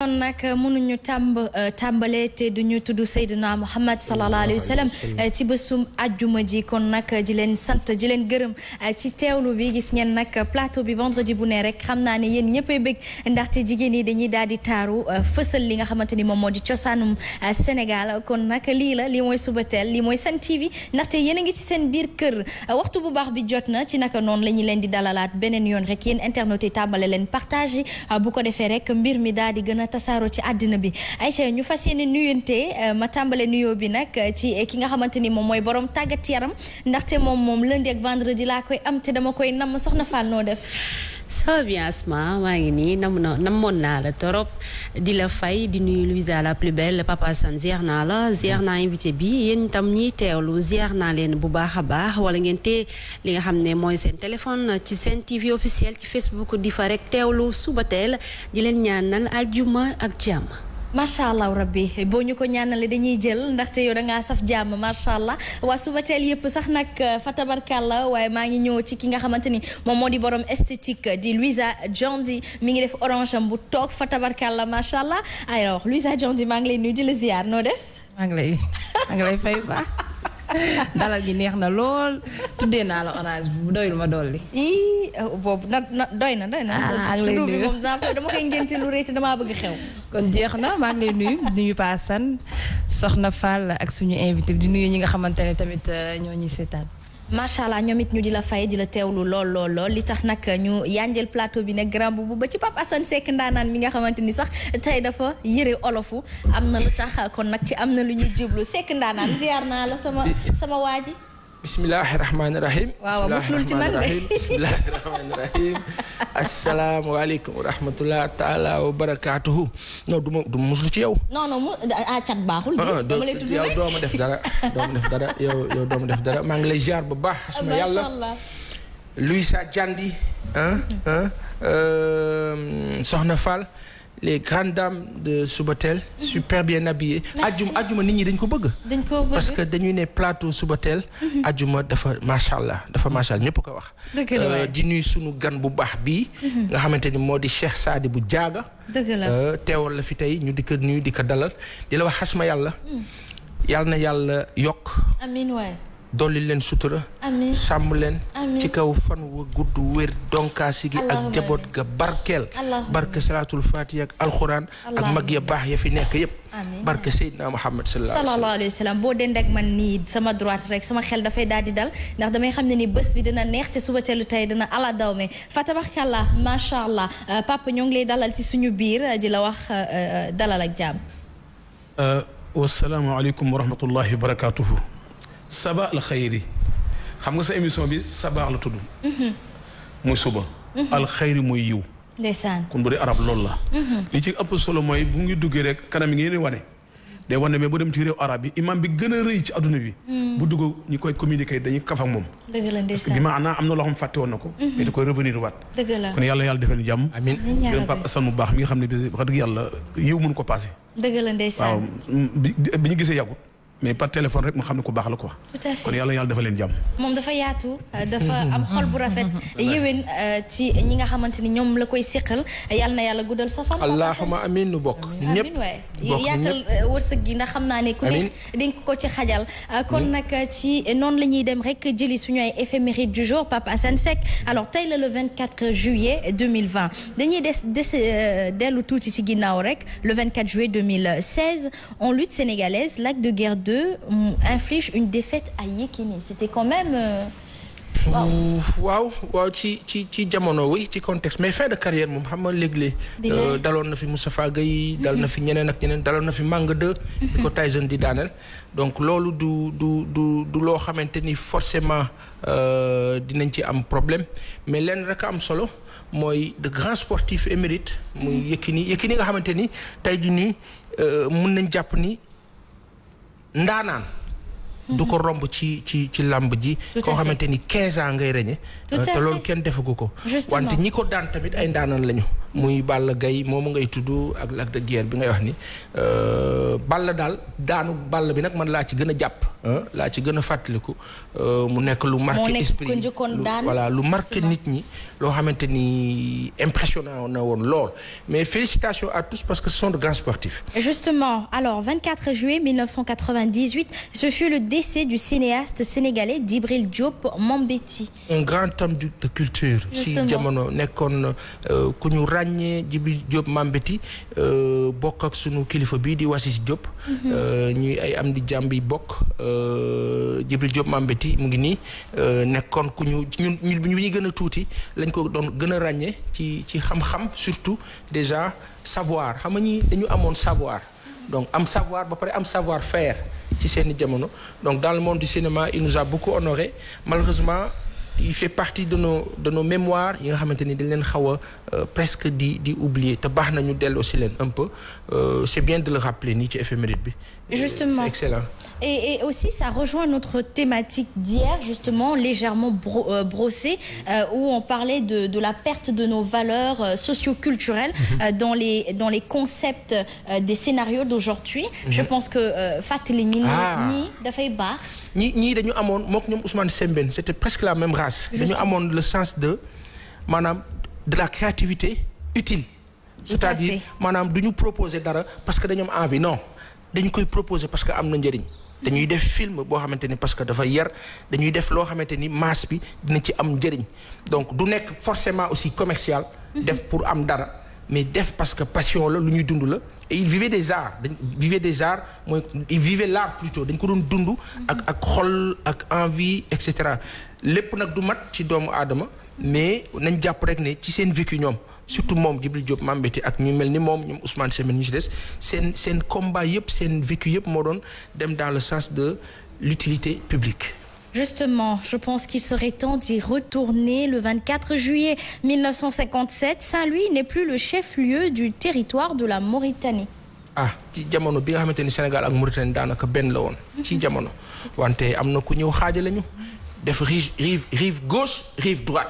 kon nag mënuñu tàmb euh, tàmbale te duñu tudd Seydina Muhammad sallallahu alayhi wa sallam euh, ci bésum ajjuma ji kon nag ji euh, leen sant di leen gërëm ci teewlu bi gis ngeen nag plateau bi ji bu ne rek xam naa ne yéen ñëppay bëgg ndaxte jigéen yi dañuy daal di taaru fësal li nga xamante ni moom moo di cosaanum Sénégal kon nag lii la lii mooy suba teel lii mooy Sen TV ndaxte yéen a ngi ci seen biir kër waxtu bu baax bi jot na ci naka noonu la ñu leen di dalalaat beneen yoon rek yéen internautes yi tàmbale leen partage bu ko defee rek mbir mi daal di gën tasaaroo ci àddina bi Aïcha ñu fas yéene nuyante euh, ma tàmbale nuyo bi nag euh, ci euh, ki nga xamante ni moom mooy borom tàggat yaram ndaxte moom moom lundi ak vendredi laa koy am te dama koy nam soxna Fall noo def ça va bien Asma maa ngi nii nam na namoon naa la torop di la fay di nuyu Louisa la plus belle papa san ziar naa la ziar naa invité bi yéen itam ñiy teewlu ziar naa leen bu baax a baax wala ngeen tee li nga xam ne mooy seen téléphone ci seen TV officiel ci Facebook di fa rek teewlu suba teel di leen ñaanal aljuma ak jàmm. macha allah rabbi boo ñu ko ñaanale dañuy jël ndaxte yow da saf jàmm macha allah waa suba teel yëpp sax nag euh, fa la waaye maa ngi ñëw ci ki nga xamante ni moom moo di borom esthétique di Louisa Diondi mi ngi def orange bu toog fa la macha allah alors Louisa Diondi maa ngi leen nuyu di la ziar noo def. maa ngi lay maa ngi dalal gi neex na lool tuddee naa la orange bu doyul ma dolli. ii oh, boobu na doy na doy na. ah lay nuyu moom dama koy ngénte lu rëy te damaa bëgg xew. kon jeex na maa ngi lay nuyu di nuyu Paa San soxna Fall ak suñu invité di nuyu ñi nga xamante ne tamit euh, ñoo ñuy seetaan. macha allah ñoom it ñu di la fay di la teewlu lool lool lool li tax nag ñu yanjel plateau bi ne grand boobu ba ci Pape Assane Seck ndaanaan mi nga xamante ni sax tey dafa yëre olofu am na lu tax kon nag ci am na lu ñuy jublu Seck ndaanaan ziar naa la sama sama waa ji bismillahi rahmaani rahim waaw muslul ci man ah, de bismillahi rahmaani rahim asalaamaaleykum wa yow non non yow doo ma def dara doo ma maa ngi lay ziar bu baax ah, suma yàlla Luisa Jandi euh, soxna Fall les grandes dames de Subatel. Mhm. super bien habillées. ajjuma ajjuma nit ñi dañ ko bëgg. dañ ko parce que dañuy ne plateau teel mhm. ajjuma dafa macha allah dafa macha allah ñëpp ko wax. Euh, di nuy sunu gan bu baax bii. Mhm. nga xamante ni moo di Cheikh Saadi bu jaaga. Euh, teewal la fi tey ñu di ko nuyu di ko dalal di la wax xas ma yàlla. yàlla na yàlla yokk. dolli leen sutura. amiin sàmm leen. ci kaw fan wa gudd wér donkaasi gi ak jaboot ga barkeel. barke salaatul faatiha ak alxuraan. ak mag ya baax ya fi nekk yépp barke Seydina Muhammad sallallahu alayhi wa sallam boo dend ak man nii sama droite rek sama xel dafay daal di dal ndax damay xam ne ni bés bi dana neex te suba teelu tey dina ala daw me fa tabaxkàlla macha allah euh, papa ñoo ngi lay dalal ci suñu biir euh, di la wax euh, dalal ak jàmm. wasalaamualeykum wa rahmatullahi wa barakatuhu. sabaa alxayri xam nga sa émission bi sabaa la tudd. Mhm. muy suba. Mhm. alxayri muy yiw. ndeysaan kon bu dee arab loolu la. Mhm. li ci ëpp solo mooy bu ngi duggee rek kanam yi ngeen di wane. day wane mais bu dem ci réew arab bi imam bi gën a rëy ci adduna bi. bu dugg ñu koy communiquer dañuy kaf moom. dëgg la ndeysaan parce que bi loo xam fàtte woon na ko. mais da koy revenir waat. kon yàlla yàlla defal ñu jàmm. amiin gërëm Pape Assane bu baax mi nga xam ne wax dëgg yàlla yiw mënu ko passé. dëgg la ndeysaan waaw bi ñu gisee yàggut. mais par téléphone rek mu xam ne ku baax la quoi. tout moom dafa yaatu dafa am xol bu rafet. yéwén euh, ci ñi nga xamante ni ñoom la koy seqal yàlla na yàlla guddal sa fan. allahumma amiin nu bok ñëpp waay yaatal euh, wërsëg gi na xam naa ne ku nekk dénk ko ci xajal. Euh, kon nag ci noonu la ñuy dem rek jëli suñu ay éphéméride du jour Pape Assane Seck alors tey la le 24 juillet 2020 dañuy des des dellu tuuti ci ginnaaw rek le 24 juillet 2016 en lutte sénégalaise lac de guerre. 2 inflige une défaite à Yékini c'était quand même. waaw euh, waaw ci ci ci jamono wi ci contexte mais fin de carrière moom xam nga léeglé euh, daloon na fi Moustapha Gueye mhm. dal na fi ñeneen ak ñeneen daloon na fi màng de di ko di daaneel donc loolu du du du du loo xamante ni forcément euh, dinañ ci am problème mais lenn rek a am solo mooy de grands sportifs émérites muy mhm. Yékini Yékini nga xamante ni tey jii nii mun nañ jàpp nii ndaanaan. du ko romb ci ci ci làmb ji. koo xamante ni 15 ans ngay reñe Euh, te loolu kenn defagu ko wante ñi ko daan tamit ay ndaanaan lañu muy Balla Gaye moomu ngay tudd ak Lac de Guiers bi ngay wax ni euh, Balla daal daanu Balla bi nag man laa ci gën a jàpp laa ci gën a fàttaliku euh, mu nekk lu marqué esprit voilà lu marqué nit ñi loo xamante ni impressionnant na woon lool mais félicitations parce que ce sont de grands sportifs justement alors 24 juillet 1998 ce fut le décès du cinéaste sénégalais Djibril Diop Mambéty tam de culture ci jamono nekkoon euh, ku ñu ràññee Djibi Diop Mambéty euh, bokk ak sunu kilifa bii di Wasis Diop mhm. euh, ñuy ay am di jàmbi bokk Djibi Diop Mambéty mu ngi nii nekkoon ku ñu ñun ñun bi ñu gën a tuuti lañ ko doon gën a ràññee ci ci xam-xam surtout déjà savoir xam nga dañu amoon savoir donc am savoir ba pare am savoir faire ci seeni jamono donc dans le monde du cinéma il nous a beaucoup honoré malheureusement il fait partie de nos de nos mémoires yi nga xamante ni dañ leen xaw a euh, presque di di oublier te baax nañu delloo si leen un peu euh, c'est bien de le rappeler nii ci éphéméride bi justement c'est excellent Et, et aussi ça rejoint notre thématique d'hier justement légèrement bro, euh, brossée euh, où on parlait de de la perte de nos valeurs euh, socioculturelles mhm. euh, dans les dans les concepts des scénarios d'aujourd'hui. Mm -hmm. Je pense que fàttali ñi ah. ni dafay baax. ñi ñii dañu amoon mook ñoom Ousmane Sembène c'était presque la même race dañu amoon le sens de maanaam de la créativité utile c'est-à-dire maanaam du ñu proposer dara parce que dañoom am dañu koy proposer parce que am na njëriñ dañuy mhm. def film boo xamante ni parce que dafa yar dañuy def loo xamante ni masse bi dina ci am njëriñ donc du nekk forcément aussi commercial mhm. def pour am dara mais def parce que passion la lu ñuy dund la et il vivait des arts dañ vivait des arts mooy il vivait l'art plutôt dañ ko doon dund ak ak xol ak envie et cetera lépp nag du mat ci doomu aadama mais nañ jàpp rek ne ci seen vécu ñoom surtout moom Djibril Diop Mame ak ñu mel ni moom ñoom Ousmane Sembène ñu ci des seen combat yëpp seen vécu yëpp moo doon dem dans le sens de l'utilité publique Justement, je pense qu'il serait temps d'y retourner. Le 24 juillet 1957, Saint-Louis n'est plus le chef-lieu du territoire de la Mauritanie. ah ci jamono bi nga xamante ni Sénégal ak Mauritanie daanaka benn la woon. ci jamono wante am na ku ñëw xaajale ñu. def rive rive rive gauche rive droite.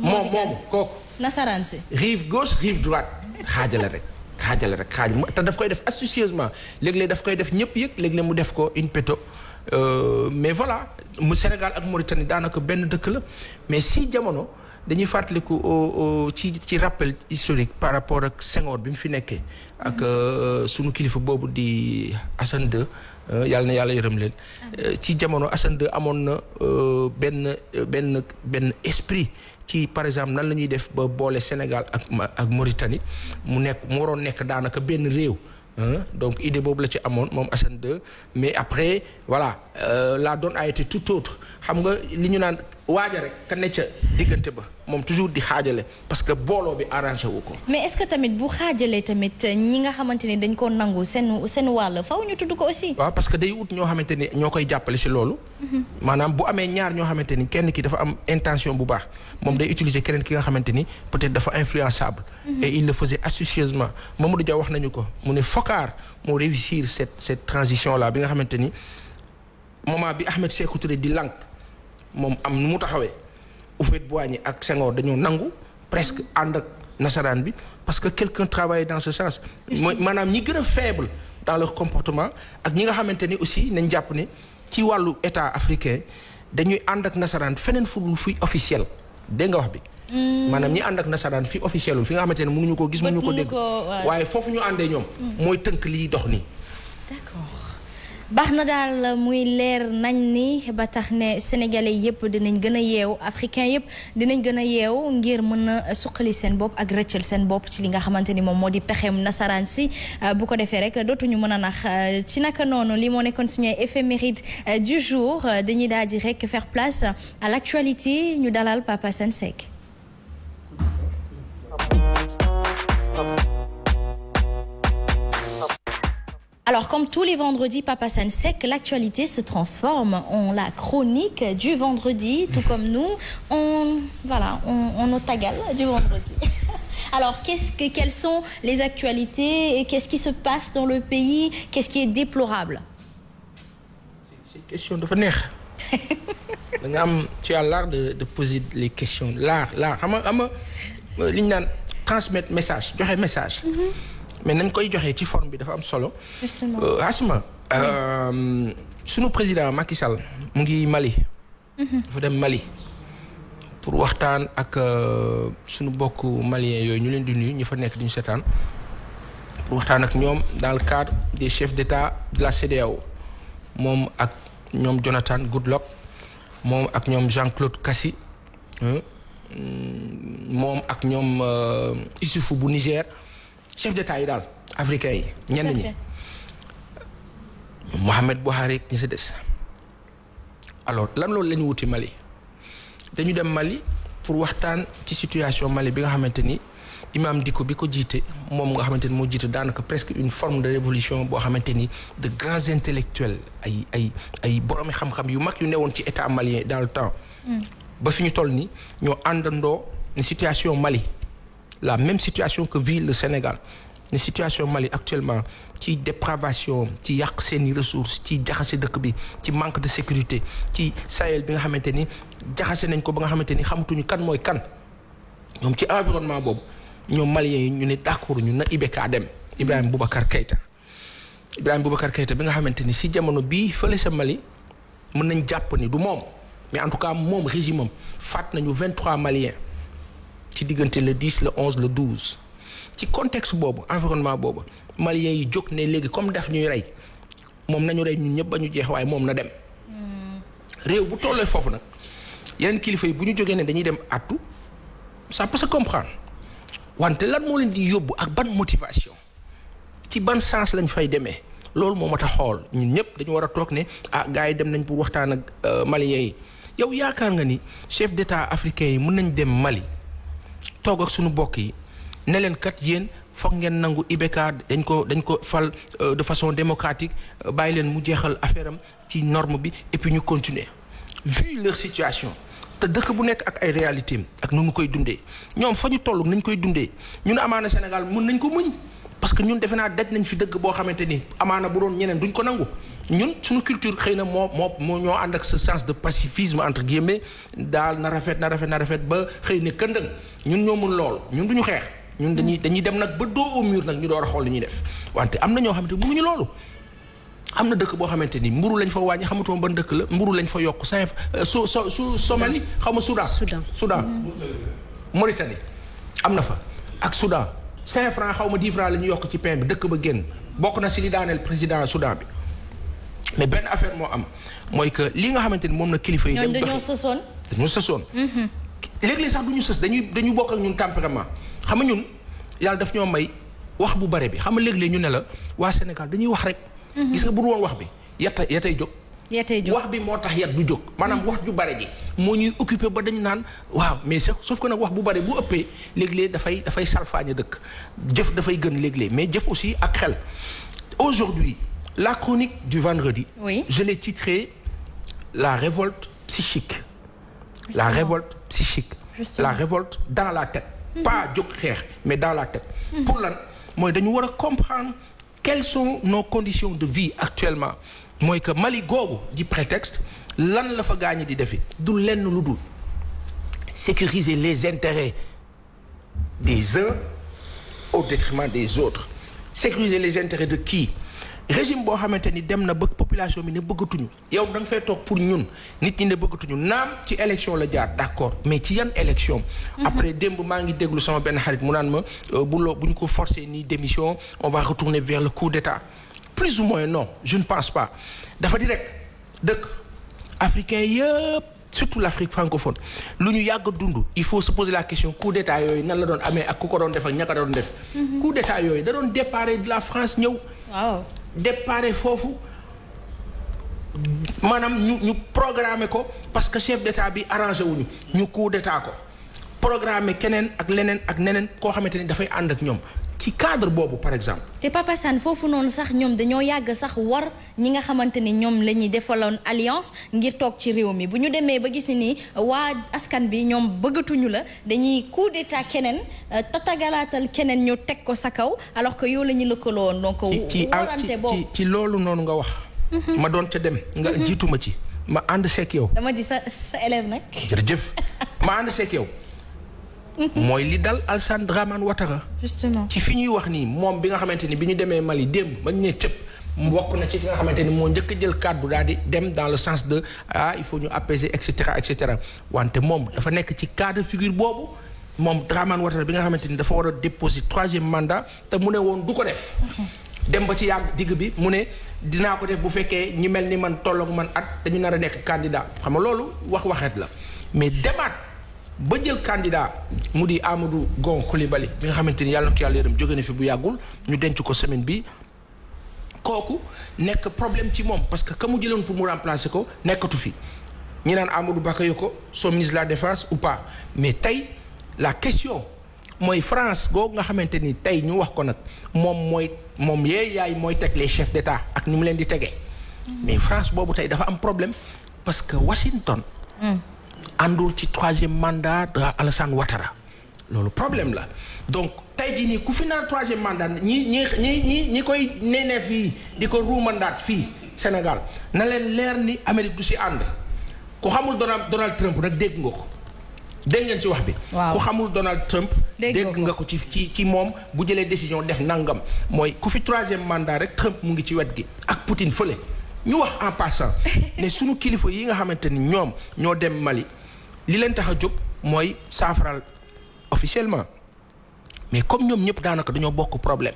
moom moom kooku. nasaraan si. rive gauche rive droite xaajale rek. xaajale rek xaaj te daf koy def astucieusement léeg-léeg daf koy def ñëpp yëg léeg-léeg mu def ko in petto Euh, mais voilà mu Sénégal ak Mauritanie daanaka benn dëkk la mais si jamono dañuy fàttaliku ci ci rappel historique par rapport ak Senghor bi mu fi nekkee. ak mm-hmm. euh, sunu kilifa boobu di Assane II euh, yàlla na yàlla yërëm leen. Mm-hmm. ci jamono Assane II amoon na benn benn benn esprit. ci par exemple nan la ñuy def ba boole Sénégal ak ak Mauritanie mu nekk mu waroon nekk daanaka benn réew. donc idée boobu la ci amoon moom Assane 2 mais après voilà euh, la donne a été tout autre xam nga li ñu naan waaja rek ka ne ca diggante ba moom toujours di xaajale parce que booloo bi arrangé wu ko. mais est que tamit bu xaajalee tamit ñi nga xamante ni dañ koo nangu seen seen wàll faaw ñu tudd ko aussi. waaw parce que day wut ñoo xamante ni ñoo koy jàppale si loolu. Mhm. maanaam bu amee ñaar ñoo xamante ni kenn ki dafa am intention bu baax moom day utiliser keneen ki nga xamante ni peut-être dafa influençable. Mhm. et il le faisait astucieusement Mamadou Dia wax nañu ko mu ne Focar moo réussir cette cette transition là bi nga xamante ni moment di lànk. moom am nu mu taxawee Houphouët-Boigny ak Senghor dañoo nangu presque ànd ak nasaraan bi parce que quelqu'un travaille dans ce sens mooy maanaam ñi gën a faible dans leur comportement ak ñi nga xamante ni aussi nañ jàpp ne ci wàllu état africain dañuy ànd ak nasaraan feneen fu dul fuy officiel dégg nga wax bi hmm. maanaam ñi ànd ak nasaraan fi officiel fi nga xamante ne ñu ko gis mënuñu ko dégg waaye foofu ñu àndee ñoom hmm. mooy tënk liy dox nii baax na daal muy leer nañ ni ba tax ne sénégalais yëpp dinañ gën a yeew africain yëpp dinañ gën a yeew ngir mën a suqali seen bopp ak rëccal seen bopp ci li nga xamante ni moom moo di pexeem nasaraan si euh, bu ko defee rek dootuñu mën a nax euh, ci naka noonu li moo nekkoon suñuy éphéméride euh, du jour dañuy daal di rekk faire place à l'actualité ñu dalal Papa Sane Seck Alors, comme tous les vendredis, Papa Sansek, l'actualité se transforme en la chronique du vendredi, tout comme nous, on, voilà, on, on au du vendredi. quelles sont les actualités et qu'est-ce qui se passe dans le pays Qu'est-ce qui est déplorable C'est question de venir. tu as l'art message, mhm. mais nañ koy joxe ci forme bi dafa am solo. Euh, Asma euh, sunu président Macky Sall mu ngi Mali. Mhm. dafa dem Mali. pour waxtaan ak euh, sunu bokk malien yooyu ñu leen di nuyu ñu fa nekk di ñu seetaan pour waxtaan ak ñoom dans le cadre des chefs d'État de la CEDEAO moom ak ñoom Jonathan Goodluck moom ak ñoom Jean-Claude Kassi mm, moom ak ñoom Issoufou bu Niger. chef d'état yi daal africain yi ñenn ñi Mohamed Buhari ñi si des alors lan loolu la wuti Mali dañu dem Mali pour waxtaan ci situation Mali bi nga xamante ni Imam Dicko bi ko jiite moom nga xamante ni moo jiite daanaka presque une forme de révolution boo xamante ni de grands intellectuels ay ay ay boroomi xam-xam yu mag yu newoon ci état mali dans le temps mm. ba fi ñu toll ni ñoo àndandoo ne situation Mali la même situation que vit le Sénégal ne situation Mali actuellement ci dépravation ci yàq seeni ressources ci jaxase dëkk bi ci manque de sécurité ci Sahel bi nga xamante ni jaxase nañ ko ba nga xamante ni xamatuñu kan mooy kan moom ci environnement boobu ñoom maliens yi ñu ne d'accord ñu na IBK dem Ibrahima Boubacar Keïta Ibrahima Boubacar Keïta bi nga xamante ni si jamono bii fële sa Mali mën nañ jàpp ni du moom mais en tout cas moom régime am faat nañu 23 maliens ci diggante le 10 le 11 le 12 ci contexte boobu environnement boobu maliens yi jóg ne léegi comme def ñuy rey moom nañu rey ñun ñëpp ba ñu jeex waaye moom na dem. réew bu tollee foofu nag yeneen kilifa yi bu ñu jógee ne dañuy dem àttu sa peut se comprendre wante lan moo leen di yóbbu ak ban motivation ci ban sens lañ fay demee loolu moom ma tax xool ñun ñëpp dañu war a toog ne ah gars yi dem nañ pour waxtaan ak euh, maliens yi yow yaakaar nga ni chef d'état africain yi mën nañ dem Mali. toog ak suñu bokk yi ne leen kat yéen foog ngeen nangu IBK dañ ko dañ ko fal euh, de façon démocratique euh, bàyyi leen mu jeexal affaire am ci norme bi et ñu continuer vu situation te dëkk bu nekk ak ay réalité ak nu mu koy dundee ñoom fa ñu toll nañ koy dundee ñu ñun amaana Sénégal mun nañ ko mëñ parce que ñun defe naa daj nañ fi dëkk boo xamante ni amaana bu doon ñeneen duñ ko nangu ñun suñu culture xëy na moo moo moo ñoo ànd ak ce sens de pacifisme entre guillemets daal na rafet na rafet na rafet ba xëy na këndëng ñun ñoo mun lool ñun du ñu xeex. ñun dañuy dañuy dem nag ba doo au nag ñu door a xool li ñuy def wante am na ñoo xamante ni mënuñu loolu. am na dëkk boo xamante ni mburu lañ fa wàññi xamatuma ban dëkk la mburu lañ fa yokk cinq euh, su su su Somalie xaw ma Soudan. Soudan Soudan. Mm-hmm. Mauritanie am na fa ak Soudan cinq francs xaw ma dix francs la ñu yokk ci pain bi dëkk ba génn bokk na si li daaneel président Soudan bi. mais benn affaire moo am mooy que li nga xamante ni moom na kilifa yi. dem dañoo sësoon dañoo sësoon. Mhm. léeg-léeg sax du ñu sës dañuy dañu bokk ak ñun tempérament xam nga ñun yàlla daf ñoo may wax bu bare bi xam nga léeg ñu ne la waa Sénégal dañuy wax rek. Mhm. gis nga bu dul woon wax bi yatta yattay jóg. yattay jóg wax bi moo tax yat du jóg. maanaam mhm. wax ju bare ji moo ñuy occupé ba dañu naan waaw mais sauf ko nag wax bu bare bu ëppee léeg-léeg dafay dafay salfaañe dëkk jëf dafay gën léeg mais jëf aussi ak xel aujourd'hui la chronique du vendredi. oui je l'ai titrée la révolte psychique. la révolte psychique. Justement. la révolte dans la tête. Mm -hmm. pas xeex mais dans la tête. Mm -hmm. pour lan mooy dañu war a comprendre quelles sont nos conditions de vie actuellement mooy que Mali googu di prétexte lan la fa gaañ di defi du lenn lu dul sécuriser les intérêts des uns au détriment des autres sécuriser les intérêts de qui. régime boo xamante ni dem na ba population bi ne bëggatuñu yow da nga fay toog pour ñun nit ñi ne bëggatuñu naam ci élection la jaar d'accord mais ci yan élection mhm. après démb maa ngi déglu sama benn xarit mu naan ma euh, bu loo bu ñu ko forcer ni démission on va retourner vers le coup d'état plus ou moins non je ne pense pas dafa di rek dëkk africain yëpp surtout l'Afrique francophone lu ñu yàgg dundu il faut se poser la question coup d'état yooyu nan la doon amee ak ku ko doon def ak ña doon def mhm. coup d'état yooyu da doon la France ñëw waaw dépare foofu maanaam ñu ñu programmer ko parce que chef d'état bi arrangé wuñu ñu coup d'état ko programmer keneen ak leneen ak neneen koo xamante ni dafay ànd ak ñoom ci cadre boobu par exemple. te Papa foofu noonu sax ñoom dañoo yàgg sax war ñi nga xamante ni ñoom la ñuy defaloon alliance ngir toog ci réew mi bu ñu demee ba gis ni waa askan bi ñoom bëggatuñu la dañuy coup d'état keneen euh, tatagalatal keneen ñu teg ko sa kaw alors que yow la ñu lëkkaloo woon ko ah, warante boobu ci loolu noonu nga wax. Mhm. ma doon ca dem. nga mhm. jiitu ma ci ma ànd seeg yow. dama di sa sa élève nag. jërëjëf ma ànd seeg yow. mooy li dal Alassane Dramane Ouattara. justement ci fi ñuy wax nii moom bi nga xamante ni bi ñu demee Mali démb ba ñu ne cëpp. bokk na ci nga xamante ni moo njëkk a jël kàddu daal di dem dans le sens de ah il faut ñu apaiser et cetera et cetera wante moom dafa nekk ci cas de figure boobu moom Dramane Ouattara bi nga xamante ni dafa war a déposer troisième mandat te mu ne woon du ko def. dem ba ci yàgg digg bi mu ne dinaa ko def bu fekkee ñu mel ni man tollook man at dañu nar a nekk candidat xam nga loolu wax waxeet la ba jël candidat mu di Amadou Gon Coulibaly bi nga xamante ni yàlla na ko yàlla yërëm jóge na fi bu yàggul ñu denc ko semaine bi kooku nekk problème ci moom parce que ka mu jëloon pour mu remplacer ko nekkatu fi ñi naan Amadou Bakayoko son ministre de la défense ou pas mais tey la question mooy France googu nga xamante ni tey ñu wax ko nag moom mooy moom yee yaay mooy teg les chefs d'État ak ni mu leen di tegee mm. mais France boobu tey dafa am problème parce que Washington. Mm. àndul ci troisième mandat de Alassane loolu problème la donc tey jii nii ku fi naan troisième mandat ñi ñi ñi ñi ñi koy neenee fii di ko ruumandaat fii Sénégal na leen leer ni Amérique du si ànd ku xamul Donald Donald Trump rek dégg nga ko dégg ngeen si wax bi. ku xamul Donald Trump. dégg nga ko ci ci ci moom bu jëlee décision def nangam mooy ku fi troisième mandat rek Trump mu ngi ci wet gi ak Poutine fële. ñu wax en passant ne suñu kilifa yi nga xamante ni ñoom ñoo dem Mali li leen tax a jóg mooy saafaral officiellement mais comme ñoom ñëpp daanaka dañoo bokk problème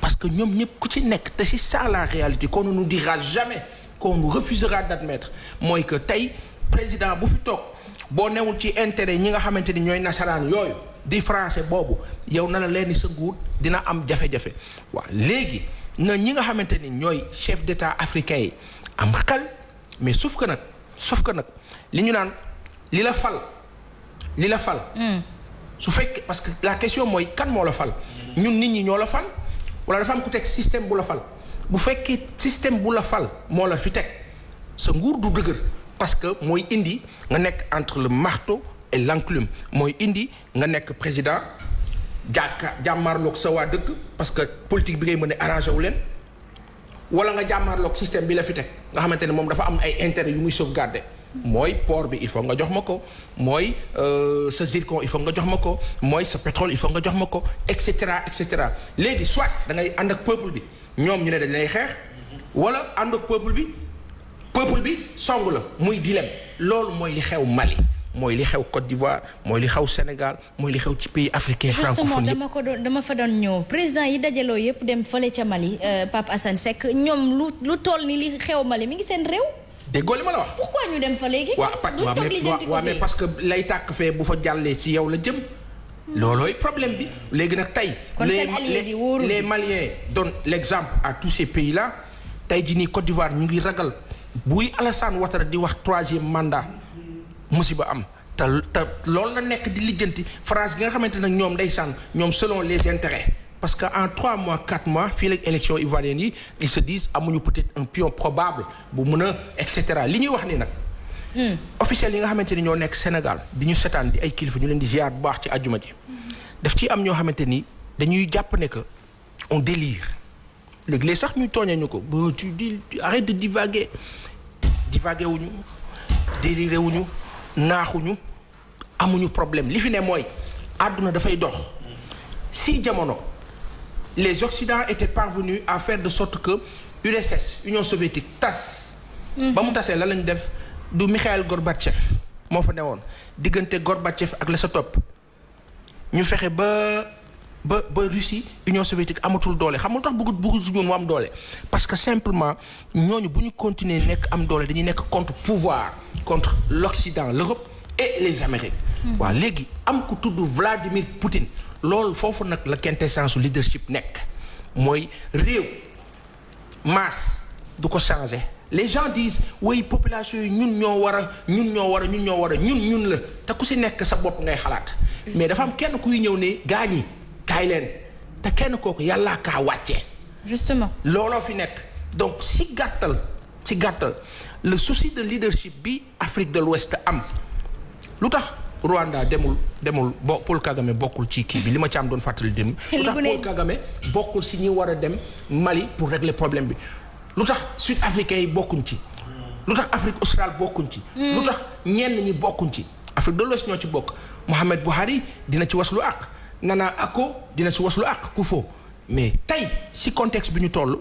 parce que ñoom ñëpp ku ci nekk te si ça la réalité qu'on ne nous dira jamais qu'on nous refusera d'admettre mooy que tey président bu fi toog boo newul ci intérêt ñi nga xamante ni ñooy nasaraan yooyu di français boobu yow na la leen di sa nguur dina am jafe-jafe waaw léegi na ñi nga xamante ni ñooy chef d'état africain yi am xal mais sauf que nag sauf que nag li ñu naan li la fal li la fal. Hmm. su fekkee parce que la question mooy kan moo la fal. ñun nit ñi ñoo la fal wala dafa am ku teg système bu la fal bu fekkee système bu la fal moo la fi teg sa nguur du dëgër parce que mooy indi nga nekk entre le marteau et l'enclume mooy indi nga nekk président. jàkka jàmmaarloog sa waa dëkk parce que politique bi ngay mën a arrangé wu leen wala nga jàmmaarloog système bi la fi teg nga xamante ne moom dafa am ay intérêt yu muy sauvegarder. mooy port bi il faut nga jox ma ko mooy euh, sa zircon il faut nga jox ma ko mooy sa pétrole il faut nga jox ma ko et cetera et léegi soit da ngay ànd ak peuple bi ñoom ñu ne dañ lay xeex wala ànd ak peuple bi peuple bi song la muy dilem loolu mooy li xew Mali. mooy li xew Côte d'Ivoire mooy li xew Sénégal mooy li xew ci pays africain francophone dama ko doon dama fa doon ñëw président yi dajaloo yëpp dem fële ca Mali euh, Pape Assane Seck ñoom lu lu toll ni li xew Mali mi ngi seen réew déggoo li ma la wax. pourquoi ñu dem fa léegi. waaw parce que lay tàkk fee bu fa jàllee ci yow la jëm. Hmm. loolooy problème bi léegi nag tey. kon seen allié di wóorul les Maliens donnent l'exemple à tous ces pays là tey jii nii Côte d'Ivoire ñu ngi ragal buy Alassane Ouattara di wax troisième mandat. musiba am te te loolu la nekk di lijjanti France gi nga xamante nag ñoom ndeysaan ñoom selon les intérêts parce que en trois mois quatre mois fii la élection ivoirienne yi ils se disent amuñu peut-être un pion probable bu mën a et cetera li ñuy wax ni nag. Hmm. officiels yi nga xamante ni ñoo nekk Sénégal di ñu setaan di ay kilifa ñu leen di ziar bu baax ci àjjuma ji. Hmm. daf ciy am ñoo xamante ni dañuy jàpp ne que on délire léeg-léeg sax ñu tooñee ñu ko ba tu di arrête de divaguer divaguer wuñu délire wuñu. naaxuñu amuñu problème li fi ne mooy àdduna dafay dox si jamono les Occidents étaient parvenus à faire de sorte que URSS Union soviétique tas. Mhm. ba mu tasee lan lañu def du Mikhail Gorbatchev moo fa newoon diggante Gorbatchev ak la sa topp ñu fexe ba. ba ba Russie Union soviétique amatul doole xam nga tax bëggut bëggut ñun mu am doole parce que simplement ñooñu bu ñu continuer nekk am doole dañuy nekk contre pouvoir contre l'Occident l'Europe et les Amériques hmm. waa léegi am ku tudd Vladimir Poutine lool foofu nag la quintessence leadership nekk mooy réew masse du ko changé les gens disent oui population yi ñun ñoo war a ñun ñoo war a ñun ñoo war a ñun ñun la te ku si nekk sa bopp ngay xalaat hmm. mais dafa am kenn kuy ñëw ne gaañi kaay te kenn kooku yàllaa kaa wàcce justement looloo fi nekk donc si gàttal ci gàttal le souci de leadership bi Afrique de l'Ouest am lu tax Rwanda demul demul bo Paul bokkul ci kii bi li ma ci am doon fàttali dem lu tax Paul Kagame bokkul si ñi war a dem Mali pour régler problème bi lu tax sud africains yi bokkuñ ci lu tax Afrique australe bokkuñ ci hmm. lu tax ñenn ñi bokkuñ ci Afrique de l'Ouest ñoo ci bokk Mohamed Buhari dina ci was lu àq nana akko dina si waslu ak ku foo mais tey si contexte bi ñu toll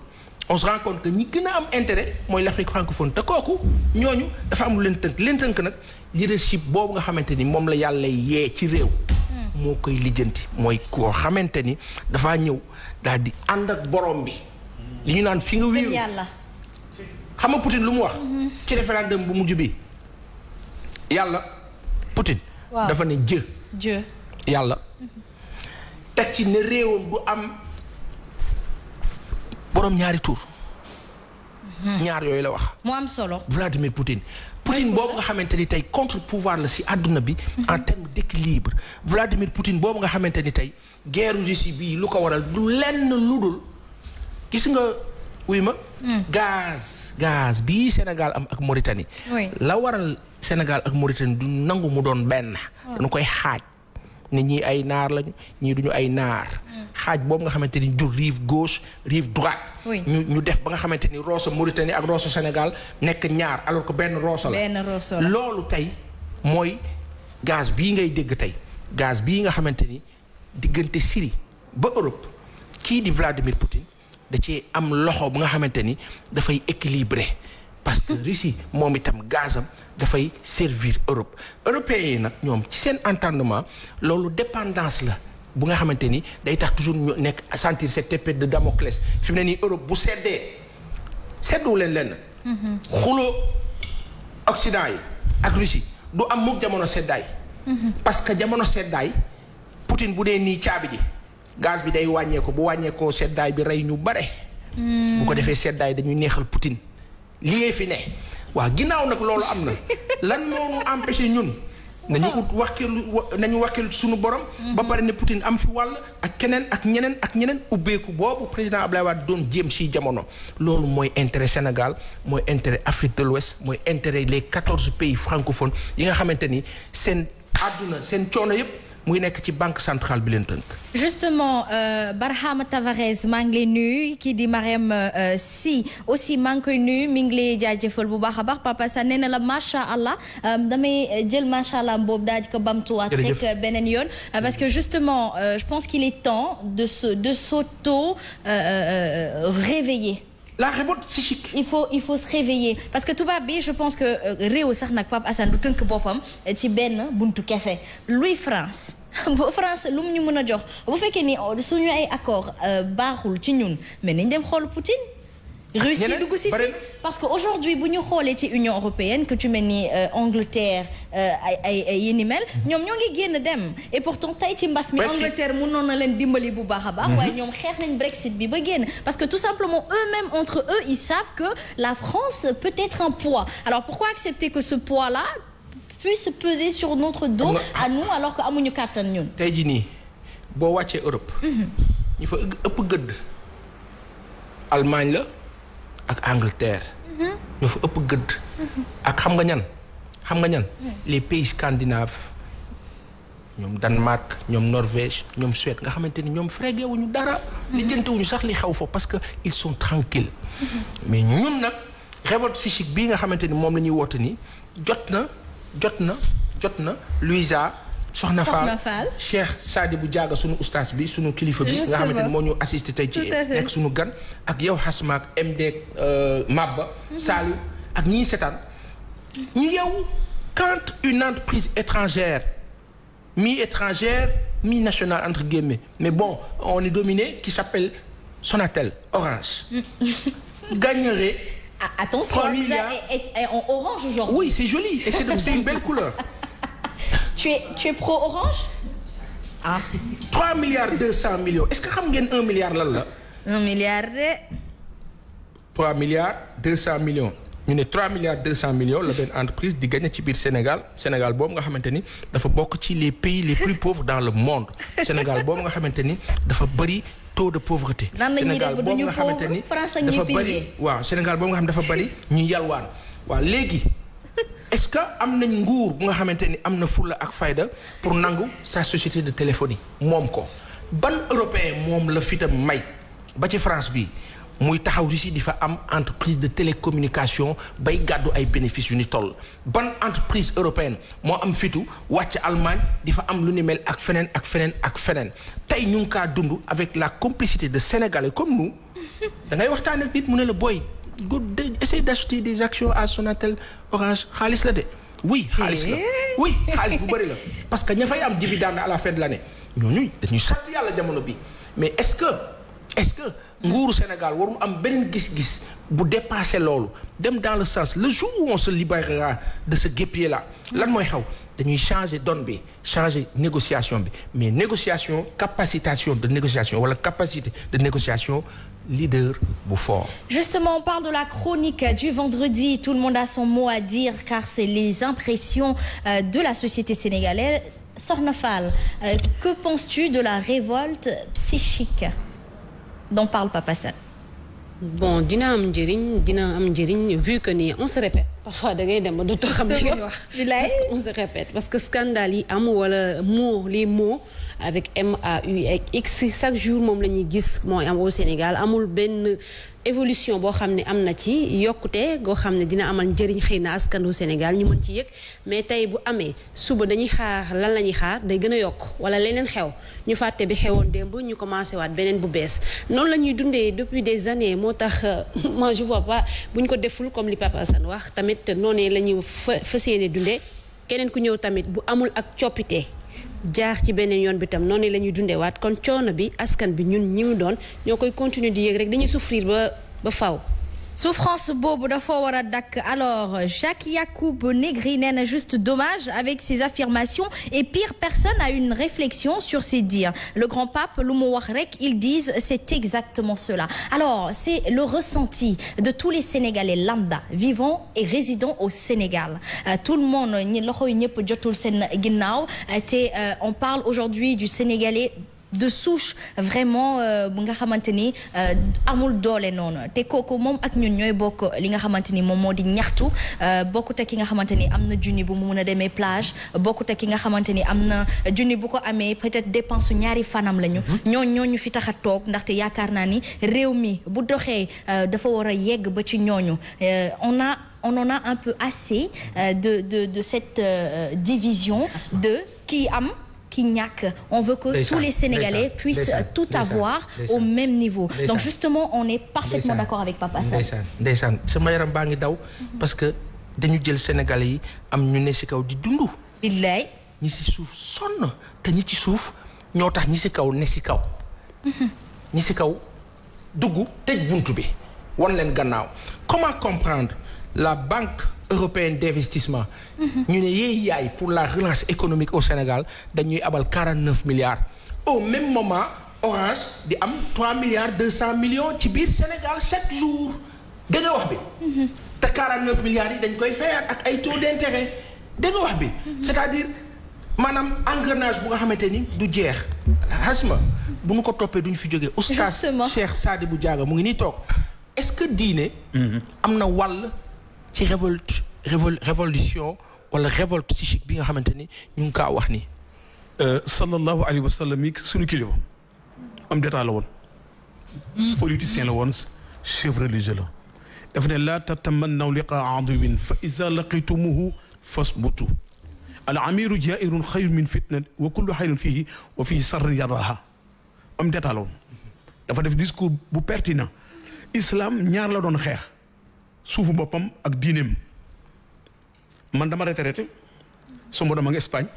on se rend que ñi gën a am intérêt mooy l'Afrique francophone te kooku ñooñu dafa am leen tënk leen tënk nag leadership boobu nga xamante ni moom la yàlla yee ci réew hmm. moo koy lijjanti mooy koo xamante ni dafaa ñëw daal di ànd ak borom bi hmm. li ñu naan fi nga wéeru xam nga Poutine lu mu wax hmm. ci référendum bu mujj bi yàlla Poutine dafa ne jë jë yàlla teg ci ne réewam du am boroom ñaari tur. ñaar yooyu la wax. mu am solo Vladimir Poutine. Poutine boobu nga xamante ni tey contre pouvoir la si àdduna bi. en terme d' équilibre. Vladimir Poutine boobu nga xamante ni tey guerre Russie bi lu ko waral du lenn lu dul gis nga wuy ma. Hmm. gaz gaz bi Sénégal am ak Mauritanie. la waral Sénégal ak Mauritanie du nangu mu doon benn. Hmm. dañu koy xaaj. ne ñii ay naar lañu ñii duñu ay naar. Hmm. xaaj boobu nga xamante ni jur rive gauche rive droite. ñu ñu def ba nga xamante ni Rosso Mauritanie ak Rosso Sénégal nekk ñaar alors que benn Rosso la. benn loolu tey mooy gaz bii ngay dégg tey gaz bii nga xamante ni diggante Syrie ba Europe kii di Vladimir Poutine da ci am loxo bu nga xamante ni dafay équilibré. parce que Russie moom itam gazam dafay servir Europe européens yi nag ñoom ci seen entendement loolu dépendance la bu nga xamante ni day tax toujours nekk sentir cette épée de Damoclès fi ne nii Europe bu seddee seddu leen lenn. Mhm. xuloo Occident yi ak Russie du am mukk jamono seddaay. Mhm. parce que jamono seddaay Poutine bu dee nii caabi ji gaz bi day wàññeeku bu wàññeekoo seddaay bi rey ñu bare. Mm. bu ko defee seddaay dañuy neexal Poutine. lii fi ne waaw ginnaaw nag loolu am na lan am ñu empêché ñun nañu ut wakkilu nañu wakkilu suñu borom mhm. ba pare ne Poutine am fi wàll ak keneen ak ñeneen ak ñeneen ubbeeku boobu président Ablaye Wade doon jéem si jamono loolu mooy intérêt Sénégal mooy intérêt Afrique de l'Ouest mooy intérêt les quatorze pays francophones yi nga xamante ni seen àdduna seen coono yëpp muy nekk ci banque centrale bi leen tënk. justement euh, Barhama Tavares maa ngi lay nuyu kii di Marème euh, Sy aussi maa ngi koy nuyu mi ngi lay jaajëfal bu baax a baax papa sa nee na la macha allah euh, damay jël macha allah boobu daal di ko bamtuwaat. jërëjëf rek euh, beneen yoon euh, parce que justement euh, je pense qu'il est temps de se de s'auto réveiller. la révolte psychique. il faut il faut se réveiller parce que tubaab bi je pense que euh, réew sax nag Pape Assane du tënk boppam euh, ci benn buntu kese luy France bu France lu mu ñu mën a jox bu fekkee ni suñu ay accord euh, baaxul ci ñun mais nañ dem xool Poutine. Russie dugg si parce que aujourd'hui bu ñu xoolee ci Union européenne que tu mel ni euh, Angleterre a euh, ay ay yi ni mhm. ñoom ñoo ngi génn dem et pourtant tey ci mbas mi Angleterre mënoon na leen dimbali bu baax a baax mhm. waaye xeex nañ Brexit bi ba génn parce que tout simplement eux-mêmes entre eux ils savent que la France peut être un poids alors pourquoi accepter que ce poids là puisse peser sur notre dos à nous alors que amuñu kàttan ñun tey jii nii boo wàccee Europe mhm. ñu fa ëpp ak Angleterre. ñoo fa ëpp gëdd. ak xam nga ñan xam nga ñan. les pays scandinaves ñoom Danemark ñoom Norvège ñoom Suède nga xamante ni ñoom frégué wuñu dara. lijjantewuñu sax li xew foofu parce que ils sont tranquilles mais ñun nag révolte psychique bii nga xamante ni moom la ñuy woote ni jot na jot na jot na Luisa. soxna Fall Cheikh bu Diaga sunu ustaas bi sunu kilifa bi nga xamante ne moo ñu assisté tey ci nekk sunu gan ak yow xasmaak MD euh, Mabba mhm. Saliou ak ñii setaan ñu yow quand une entreprise étrangère mi-étrangère mi national entre guillemets mais bon on est dominé qui s'appelle Sonatel Orange gagnerait ah, oui c'est joli et c'est une belle couleur tu es tu es pro orange. ah. 3 milliards millions est-ce que xam ngeen 1 milliard lan la. 1 milliard de. 3 milliards 200 millions. ñu ne 3 milliards 200 millions la benn entreprise di gagné ci biir Sénégal Sénégal boobu nga xamante ni dafa bokk ci les pays les plus pauvres dans le monde Sénégal boobu nga xamante ni dafa bëri taux de pauvreté. Sénégal boobu nga xamante ni dafa bëri waaw Sénégal boobu nga xam dafa bëri ñu yalwaan waaw léegi. est-ce que am nañ nguur bu nga xamante ni am na fulla ak fayda pour nangu sa société de téléphonie moom ko ban européen moom la fitam may ba ci France bi muy taxaw Russie di fa am entreprise de télécommunication bay gàddu ay bénéfices yu ni toll ban entreprise européenne moo am fitou wàcc Allemagne di fa am lu ni mel ak feneen ak feneen ak feneen tey ñu ngi kaa dund avec la complicité de Sénégalais comme nous da waxtaan ak nit mu ne la booy. essayer d'acheter des actions à Sonatel Orange xaalis la de oui xaalis la oui xaalis bu bëri la parce que ña fay am dividende à la fin de ne ñooñu dañuy sant yàlla jamono bi mais est-ce que est-ce que nguuru Sénégal warul am beneen gis-gis bu dépasser loolu dem dans le sens le jour où on se libérera de ce guêpier la lan mooy xew dañuy changer donne bi changer négociation bi mais négociation capacitation de négociation wala capacité de négociation leader bu fort. Justement, on parle de la chronique du vendredi. Tout le monde a son mot à dire car c'est les impressions euh, de la société sénégalaise. Sokhna euh, que penses-tu de la révolte psychique dont parle Papa Sane? dina am njëriñ dina am njëriñ vu que ni on se répète parfois da ngay dem ba dootoo xam li parce que on se répète les mots avec MAU ak X chaque jour moom la ñuy gis mooy am au Sénégal amul benn évolution boo xam ne am na ci yokkute goo xam ne dina amal njëriñ xëy na askanu Sénégal ñu mën ci yëg mais tey bu amee suba dañuy xaar lan la ñuy xaar day gën a yokk wala leneen xew ñu fàtte bi xewoon démb ñu commencé waat beneen bu bees noonu la ñuy dundee depuis des années moo tax euh, moi je vois pas bu ñu ko deful comme li Papa san wax tamit noonee la ñuy fa fas yéene dundee keneen ku ñëw tamit bu amul ak coppite jaar ci beneen yoon bi tam noonu lañuy ñuy dundewaat kon coono bi askan bi ñun ñi mu doon ñoo koy continuer di yéeg rek dañuy souffrir ba ba faw souffrance boobu dafa war a dakk alors Jacques Yacoub Negri nee na juste dommage avec ses affirmations et pire personne a une réflexion sur ses dires le grand pape lu mu wax rek ils disent c'est exactement cela alors c'est le ressenti de tous les Sénégalais lambda vivant et résident au Sénégal euh, tout le monde ñi loxoy ñëpp jotul seen ginnaaw euh, te euh, on parle aujourd'hui du Sénégalais de souche vraiment euh, bu nga xamante ni euh, amul doole noonu te kooku moom ak ñun ñooy bokk li nga xamante ni moom moo di ñaxtu euh, bokkut ak ki nga xamante ni am na junni bu mu mun a demee plage bokkut ki nga xamante ni am na junni bu ko amee peut-être dépense su ñaari fanam lañu. Mhm. ñoo ñooñu fi tax a toog ndaxte yaakaar naa ni réew mi bu doxee dafa war a yegg ba ci ñooñu on a on en a un peu assez de de de cette division de kii am. qui ñàkk on veut que Déjà. tous les Sénégalais puissent euh, tout avoir au même niveau donc justement on est parfaitement d'accord avec Papa Assane ndeysaan ndeysaan sama yaram baa ngi daw parce que dañu jël Sénégalais yi am ñu ne si kaw di dund billaay ñi si suuf sonn te ñi ci suuf ñoo tax ñi si kaw ne si kaw ñi si kaw dugg tëj bunt bi wan leen gannaaw comment comprendre la banque européenne d'investissement ñu ne yéey yaay pour la relance économique au Sénégal dañuy abal 49 milliards au même moment Orange di am 3 milliards 200 millions ci biir Sénégal chaque jour da wax bi te 49 milliards yi dañ koy fayaat ak ay taux d'intérêt da wax bi c'est-à-dire maanaam engrenage bu nga xamante ni du jeex xasma bu ñu ko toppee duñu fi jóge jógee oustaz Cheikh bu Diaga mu ngi nii toog est-ce que diine mhm. am na wàll ci révolte révol révolution wala révolte psychique bi nga xamante ni ñu ngi kaa wax ni euh, sallallahu alayhi wa sallam yi suñu kilifa am d'état la politicien la woon chef religieux la daf ne laa tatamannaw liqaa aduwin fa ida laqitumuhu fasbutu al amiru jairun xayru min fitna wa kullu xayrun fihi wa fihi sarri yaraha am d'état la woon def discours bu pertinent islam ñaar la doon xeex suufu boppam ak diineem man dama retraité suma dama nga Espagne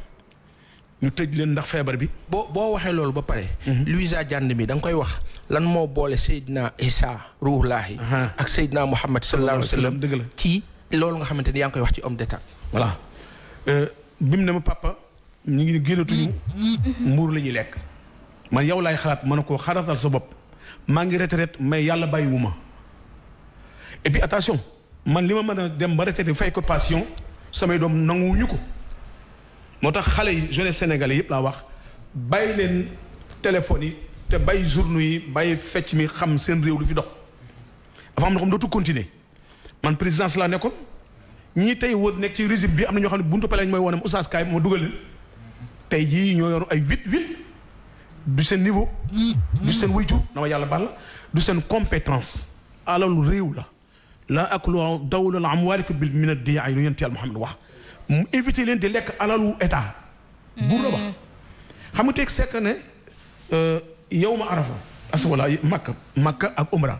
ñu tëj leen ndax feebar bi. boo boo waxee loolu ba pare. Mhm. Luisa jànd mi danga koy wax lan moo boole Seydina Isa ruuxlaahi. ak Seydina Muhammad sallallahu alayhi wa sallam dëgg la ci loolu nga xamante ni yaa ngi koy wax ci homme d'état. voilà euh, bi mu ne ma papa ñu ngi génnatuñu mbuur la ñuy lekk. man yow laay xalaat mën na koo xalaatal sa bopp maa ngi retraite mais yàlla bàyyiwu ma et puis attention man li ma mën a dem ba retraite fay ko passion. samay doom ñu ko moo tax xale yi jeunesse sénégalais yëpp laa wax bàyyi leen téléphone yi te bàyyi journaux yi bay fecc mi xam seen réew lu fi dox dafa am na xam dootu continuer man présidence laa nekkoon ñii tey wóor nekk ci régime bi am na ñoo xam ne buntu pale lañ mooy wonam oustaz kaay ma dugal tey jii ñoo yor ay huit wit du seen niveau du seen waytu na yàlla bal du seen compétence alalu réew la laa akulu dawlul amwaalikum bil min ad-diyaa lu yonent Yàlla Muhammad wax mu éviter leen di lekk alalu état. buur hmm. la wax xam nga teg sekk ne euh, yow ma arafa as wala makka makka ak umra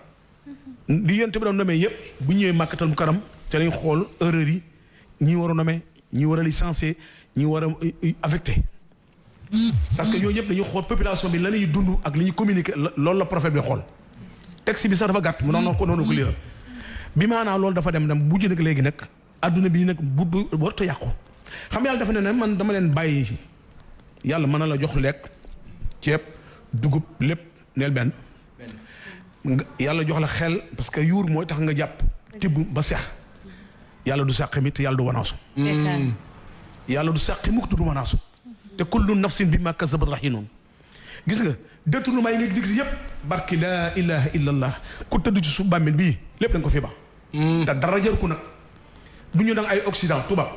li yonent bi doon nomee yëpp bu ñëwee makkatal mu karam te lañ xool erreur yi ñi war a nomee ñi war a licencier ñi war a affecté. parce que yooyu yëpp dañuy xool population bi la ñuy dund ak li ñuy communiquer loolu la prophète bi xool. texte bi sax dafa gàtt mu noonu ko noonu ko liiral bi naa loolu dafa dem dem bu jënd léegi nag adduna bi nag bu du warut a yàqu xam yàlla dafa ne ne man dama leen bàyyi yàlla mën na la jox lekk ceeb dugub lépp neel benn. yàlla jox la xel parce que yuur mooy tax nga jàpp tibb ba seex yàlla du sàq mit yàlla du wanaasu mm. yàlla du sàqi mukk du wanaasu te kullu nafsin bi ma kasabat rahiinun gis nga détournement yi nga dig si yëpp barki laa ilaha illa allah ku tëdd ci suuf bii lépp da nga ko fi ba te hmm. dara jër ko nag du ñu dang ay Occident tubaab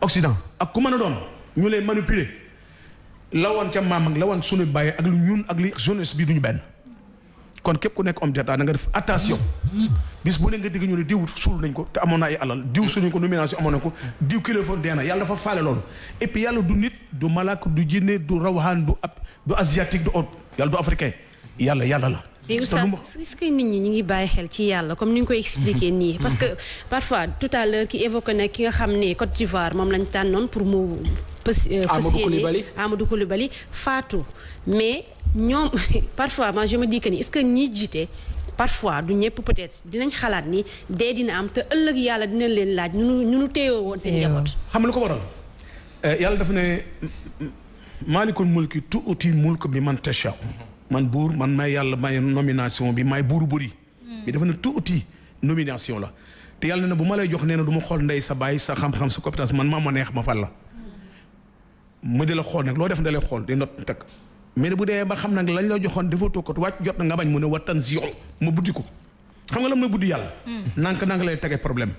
Occident ak ku man a doon ñu lay manipuler lawoon ca maam ak lawoon sunu bàyyi ak lu ñun ak li jeunesse bi duñu benn kon képp ku nekk homme d'état nga def attention bis bu ne nga digg ñu ne diw suul nañ ko te amoon na ay alal diw suul nañ ko nomination amoon na ko diw kilifa dee na yàlla dafa faale loolu et yàlla du nit du malaak du jinne du rawaxaan du ab du asiatique du autre yàlla du africain yàlla yàlla la mais oustaz est nit ñi ñi ngi bàyyi xel ci yàlla comme ni nga koy expliquer nii parce que parfois tout à l'heure ki évoqué na ki nga xam ne Côte d'Ivoire moom lañ tànnoon pour mu fas euh, Amadou Koulibaly faatu mais ñoom parfois moi je me dis que ni que ñi jiite parfois du ñëpp peut-être dinañ xalaat ni dee dina am te ëllëg yàlla dina leen laaj ñu nu ñu nu téyoo woon seen eh, njaboot xam lu ko waral eh, yàlla dafa ne maalikul mulki tuuti mulk bi man tashaa man buur man may yàlla may nomination bi may buuru bëri. Hmm. mais dafa ne tuuti nomination la. te yàlla na bu ma lay jox nee na du ma xool ndey sa baay sa xam-xam sa compétence man maa ma neex ma fal la. mu hmm. di la xool nag loo def da xool de not teg mais bu dee ba xam nag lañ la joxoon dafa tokkat wàcc jot na nga bañ mu ne wattan si ma buddi ko xam nga lan mooy buddi yàlla. Hmm. nank nank lay tege problème.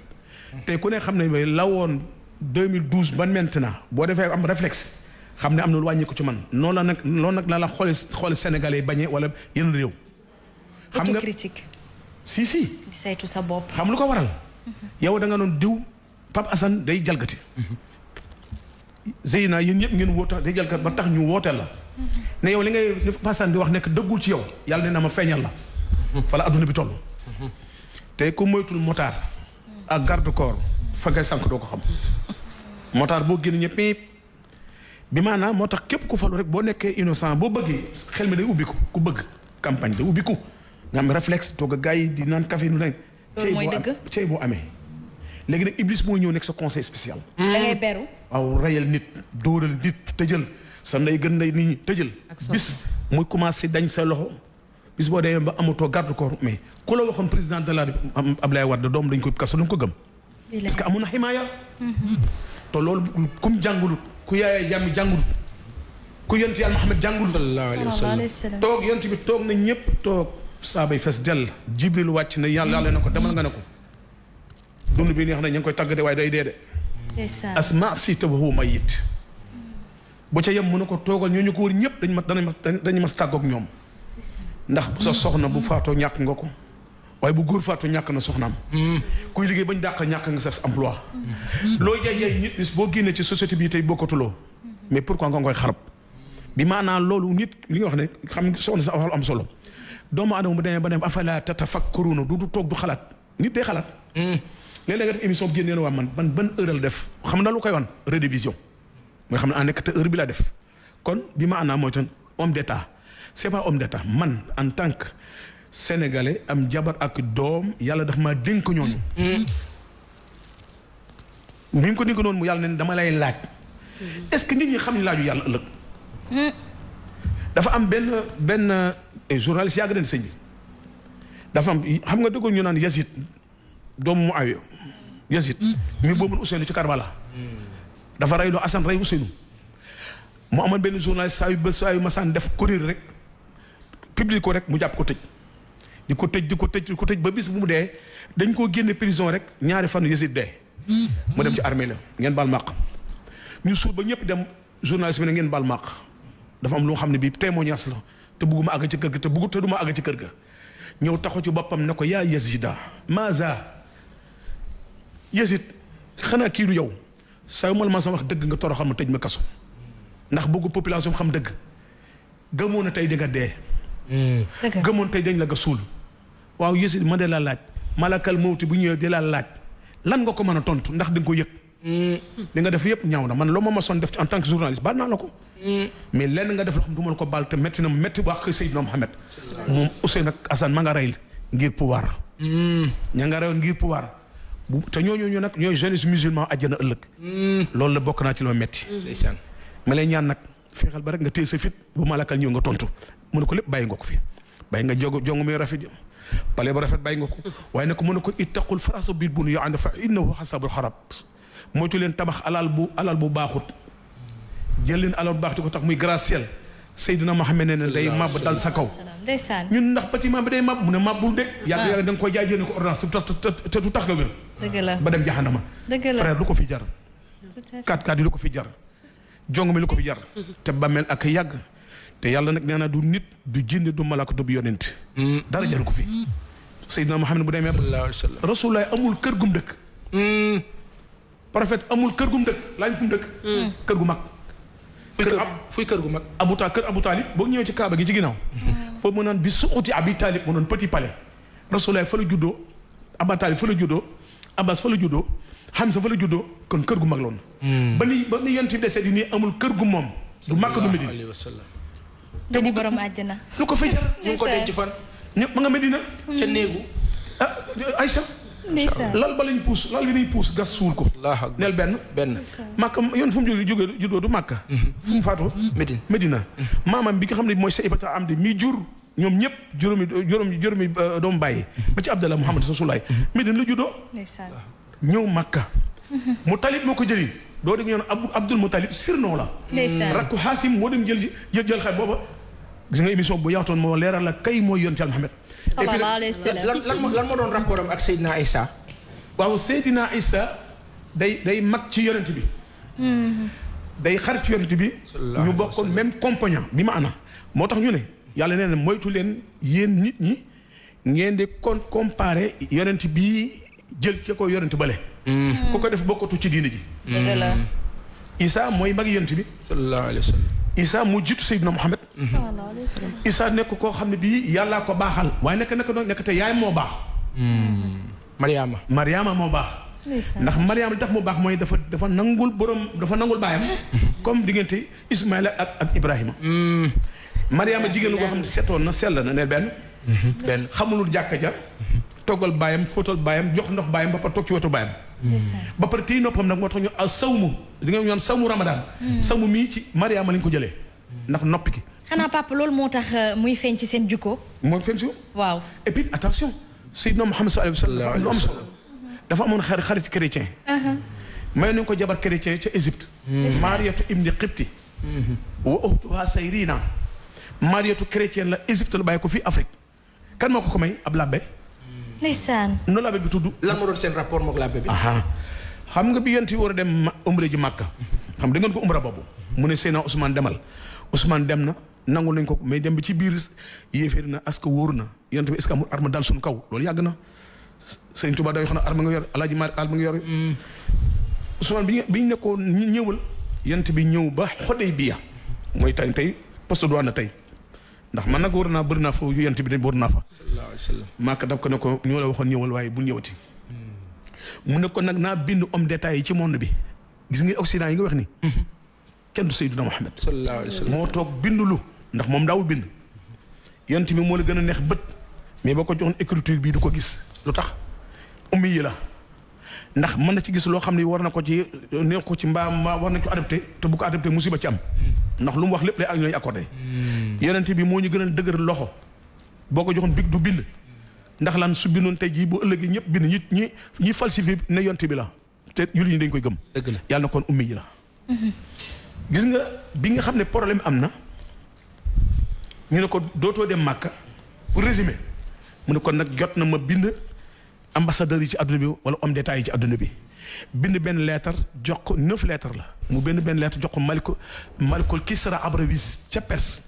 te ku ne xam ne lawoon 2012 ba maintenant boo defee am réflexe. xam ne am na lu wàññi ko ci man noonu la nag loolu nag la la xoole xoole sénégalais bañee wala yeneen réew xam nga autocritique si si di saytu sa bopp xam lu ko waral mhm. yow da nga doon diw Pape Assane day jalgati mhm. Zeyna yéen ñëpp ngeen woote day jalgati ba tax ñu wooteel la mhm. ne yow li ngay pasan bi wax nekk dëggul ci yow yàlla ne na ma feeñal la fala adduna bi toll te ku moytul motard ak garde fa ngay sànk doo ko xam motard boo génn ñëpp bi maanaam moo tax képp ku falu rek boo nekkee innocent boo bëggee xel mi day ubbi ko ku bëgg campagne day ubbi ko nga am réflexe toog a gars yi di naan café nu ne. loolu mooy boo amee. léegi nag Iblis moo ñëw nekk sa conseil spécial. da ngay beru. waaw rayal nit dóoral nit tëjal sa ndey gën ndey nit ñi tëjal. bis muy commencé dañ sa loxo. bis boo demee ba amatoo garde corps mais ku la waxoon la République Abdoulaye doom dañ koy kaso lu ko gëm. parce que amoon na ximaaya. Mm-hmm. te loolu comme jàngulut. ku yaayee jàmm jàngul ku yont yàlla Muhammad jàngul sallallahu alayhi wa sallam toog yont bi toog na ñëpp toog saabay fes dell jibril wàcc na yàlla yàlla na ko demal nga ne ko dund bi neex na ñu ngi koy tàggate waaye day dee de asma si tabahu mayit bu ca yem mun a ko toogal ñoo ñu ko wër ñëpp dañ ma dañ ma dañu mas tàggoog ñoom ndax sa soxna bu faatoo ñàkk nga ko waaye bu góor faatu ñàkk na soxnaam. kuy liggéey bañ dàq ñàkk nga sax emploi. loo jaay jaay nit bis boo génnee ci société bi tey bokkatuloo. mais pour nga koy xarab. bi maanaam loolu nit li nga wax ne xam nga soxna sa am solo. doomu aadama bu demee ba dem afala tatafakkaruna du du toog du xalaat nit day xalaat. léeg-léeg nga def émission bu génnee waa man ban ban heure la def xam na lu koy wan rediffusion. mooy xam ne en nekk te heure bi laa def kon bi maanaam mooy tan homme d'état c'est pas homme d'état man en tant sénégalais am jabar ak doom yàlla dafa ma dénk ñooñu. Mm-hmm. ni mu ko dénk noonu mu yàlla ne dama lay laaj. Mm-hmm. est-ce que xam ne yàlla ëllëg. Mm-hmm. am benn benn eh, journaliste yàgg nañu am xam nga dëggoon ñu naan Yazid doomu mu ayo Yazid. mi boobu Ousseynou ci Karbala. dafa rey loo Assane rey Ousseynou. mu amoon benn journaliste saa yu masaan def kuréel rek rek mu jàpp ko tëj. di ko tëj di ko tëj di ko tëj ba bis bu mu dee dañ koo génne prison rek ñaari fan yësit de mu dem ci armée la ngeen baal màq ñu suur ba ñëpp dem journaliste bi ne ngeen baal màq dafa am lu nga xam ne bii témoignage la te bugguma àgg ci kër ga te buggu te duma àgg ci kër ga ñëw taxu ci boppam ne ko yaay yaa Yazida maza Yazid xanaa kii du yow saa yu mal ma sa wax dëgg nga toroxal ma tëj ma kaso ndax bëggu population xam dëgg gëmoon na tey di nga dee hmm. gëmoon tey dañ la nga suul waaw yësil ma de la laaj malakal mawti bu ñëwee di laaj lan nga ko mën a tontu ndax da ko yëg. Mm. li nga def yëpp ñaaw na man loo ma mosoon def ci en tant que journaliste baal naa la ko. Mm. mais lenn nga def loo xam du ma la ko baal na métti wax ak Seydina Mohamed. moom Ousseynou ak ma nga rey ngir mm. ña nga reyoon ngir pouvoir. bu te ñooñu ñu nag ñooy jeunesse musulman àjjana ëllëg. loolu la bokk naa ci loo metti ma lay ñaan nag fexeel ba rek nga téye sa fit bu malakal ñëw nga tontu mu ne ko lépp bàyyi nga ko fi bàyyi nga jogo jongo muy rafet pale bu rafet bàyyi nga ko waaye ko mën na ko ittaqul faraasa biir bu nu yoo ànd fa innahu xasabul xarab moytu leen tabax alal bu alal bu baaxut jël leen alal bu baax ko tax muy graciel Seydina Mohamed ne ne day màbb dal sa kaw ñun ndax bâtiment bi day màbb mu ne màbbul de ah. yàgg yàlla da nga koy jaay jënd ko ordonnance te du tax nga wér ba dem jaxanama frère lu ko fi jar kat kat yi lu ko fi jar jong mi lu ko fi jar te bàmmeel ak yàgg te yàlla nag nee na du nit du jinne du malaaka du yonent mm. a jaru ko fi Seydina Muhammad bu demee rasulullaay amul kër gum dëkk mm. prophète amul kër gu dëkk laaj mu dëkk mm. kër gu mag kër ab kër gu mag abu ta kër abu boo ñëwee ci kaaba gi ci ginnaaw foofu mu naan bi suquti abi taalib mu noon petit palais rasulullaay fa la juddoo aba taalib fa la juddoo abbas fa la kon kër gu mag loon ba ni ba ni yi nii amul kër gu moom du Makka du Medina da di borom àjjana. lu ko fi jar ñu ngi ko denc fan. ñëpp ma nga Medina. Hmm. ca néegu ah Aïcha. lal ba lañ puus lal bi day puus gas suul ko. neel benn benn. Makka yoon fu mu jógee jógee du Makka. Mhm. fu mu faatoo. Medina mhm. maamam bi nga xam ne mooy Saybata Amdi mi jur. ñoom ñëpp juróomi juróomi juróomi euh, doomu bàyyi. Mhm. ba ci Abdallah Muhammad Rasulullaah. Medina la juddoo. ñëw Makka. mu talib moo ko jëli. doo dégg ñoon Abdul Mutalib sirnoo la. rakku Xaasim moo dem jël jël xel booba. gis nga émission bu yaatoon moo leeral la kay mooy yoon ci Muhammad et puis lan lan moo doon rapport am ak Seydina Isa waaw Seydina Isa day day mag ci yonent bi hmm. day xarit ci yonent bi ñu bokkoon même compagnon bi ma ana moo tax ñu ne yàlla nee na moytu leen yéen nit ñi ngeen di con comparé yonent bii jël ke ko yonent bale hmm. ku ko def bokkatu ci diine ji hmm. Isa mooy mag yonent bi sallallahu alayhi isaa mu jiitu Seydina Muhammad Isa nekk koo xam ne bii yàllaa ko baaxal waaye nekk nekk doon nekk te yaay moo baax hmm. Mariama Mariama moo baax ndax Mariama li tax mu baax mooy dafa dafa nangul borom dafa nangul baayam comme diggante Ismaïla ak ak Ibrahima hmm. Mariama jigéen lu koo xam ne setoon na sell na ne benn hmm. benn xamulul jàkka ja toggal baayam fóotal baayam jox ndox baayam ba pare ci wetu baayam ba pare téy noppam nag moo tax ñu asawmu di nga ñoon samu Ramadan. Hmm. samu mii ci Mariama lañ ko jële hmm. ndax noppi ki. xanaa papa loolu moo tax euh, muy feeñ ci seen jukko. mooy feeñ ci waaw et puis attention. Seydina Muhammad sallallahu alayhi dafa amoon xar xarit chrétien. Uh-huh. may nañu ko jabar chrétien ca Égypte. Hmm. Mariyatu ibni Qibti. wa ukhtuha la Égypte la bàyyi ko fii Afrique. kan moo ko ko may ab labbe. ndeysaan. noonu bi tudd. lan moo rapport moog labbe bi. xam nga bi yonent bi war a dem umra ji màkka xam da ngeen ko umra boobu mu ne Seydina Ousmane demal Ousmane dem na nangu nañ ko mais dem bi ci biir yéeféer na est que wóor na yonent bi est-ce que dal suñu kaw loolu yàgg na Sëriñ Tuubaa da nga xam ne arme nga yor Alaaji Maalik arme nga yor mm. Ousmane bi bi ñu nekkoon ñëwal yonent bi ñëw ba Xudaybiya mooy tey tey poste douane na tey ndax man nag war naa bëri foofu yonent bi dañ war naa fa màkk daf ko ne ko ñoo la waxoon ñëwal waaye bu ñëwati mu ne ko nag naa bind homme d'état yi ci monde bi gis nga Occident yi nga wax ni kenn du Seydina Muhammad sallallahu alayhi wa sallam moo toog bindulu ndax moom daawul bind yonent bi moo la gën a neex bët mais boo ko joxoon écriture bi du ko gis lu tax ummi yi la ndax mën na ci gis loo xam ne war na ko ci neex ko ci mbaa mbaa war na ko adapté te bu ko adapté musiba ci am ndax lu mu wax lépp lay ak ñooy accordé hmm. yonent bi moo ñu gën a dëgër loxo boo ko joxoon big du bind ndax lan su bindoon tey jii bu ëllëgee ñëpp bind ñi ñi ñi falsifié ne yonte bi la te jullit ñi dañ koy gëm. dëgg la yàlla na kon ummi yi la. Mm-hmm. gis nga bi nga xam ne problème am na ñu ne ko dootoo dem màkka pour résumer mu ne kon nag jot na ma bind ambassadeurs yi ci àdduna bi wala homme d'état yi ci àdduna bi bind benn lettre jox ko neuf la mu benn benn lettre jox ko Malikul Malikul Kisra Abravis ca Perse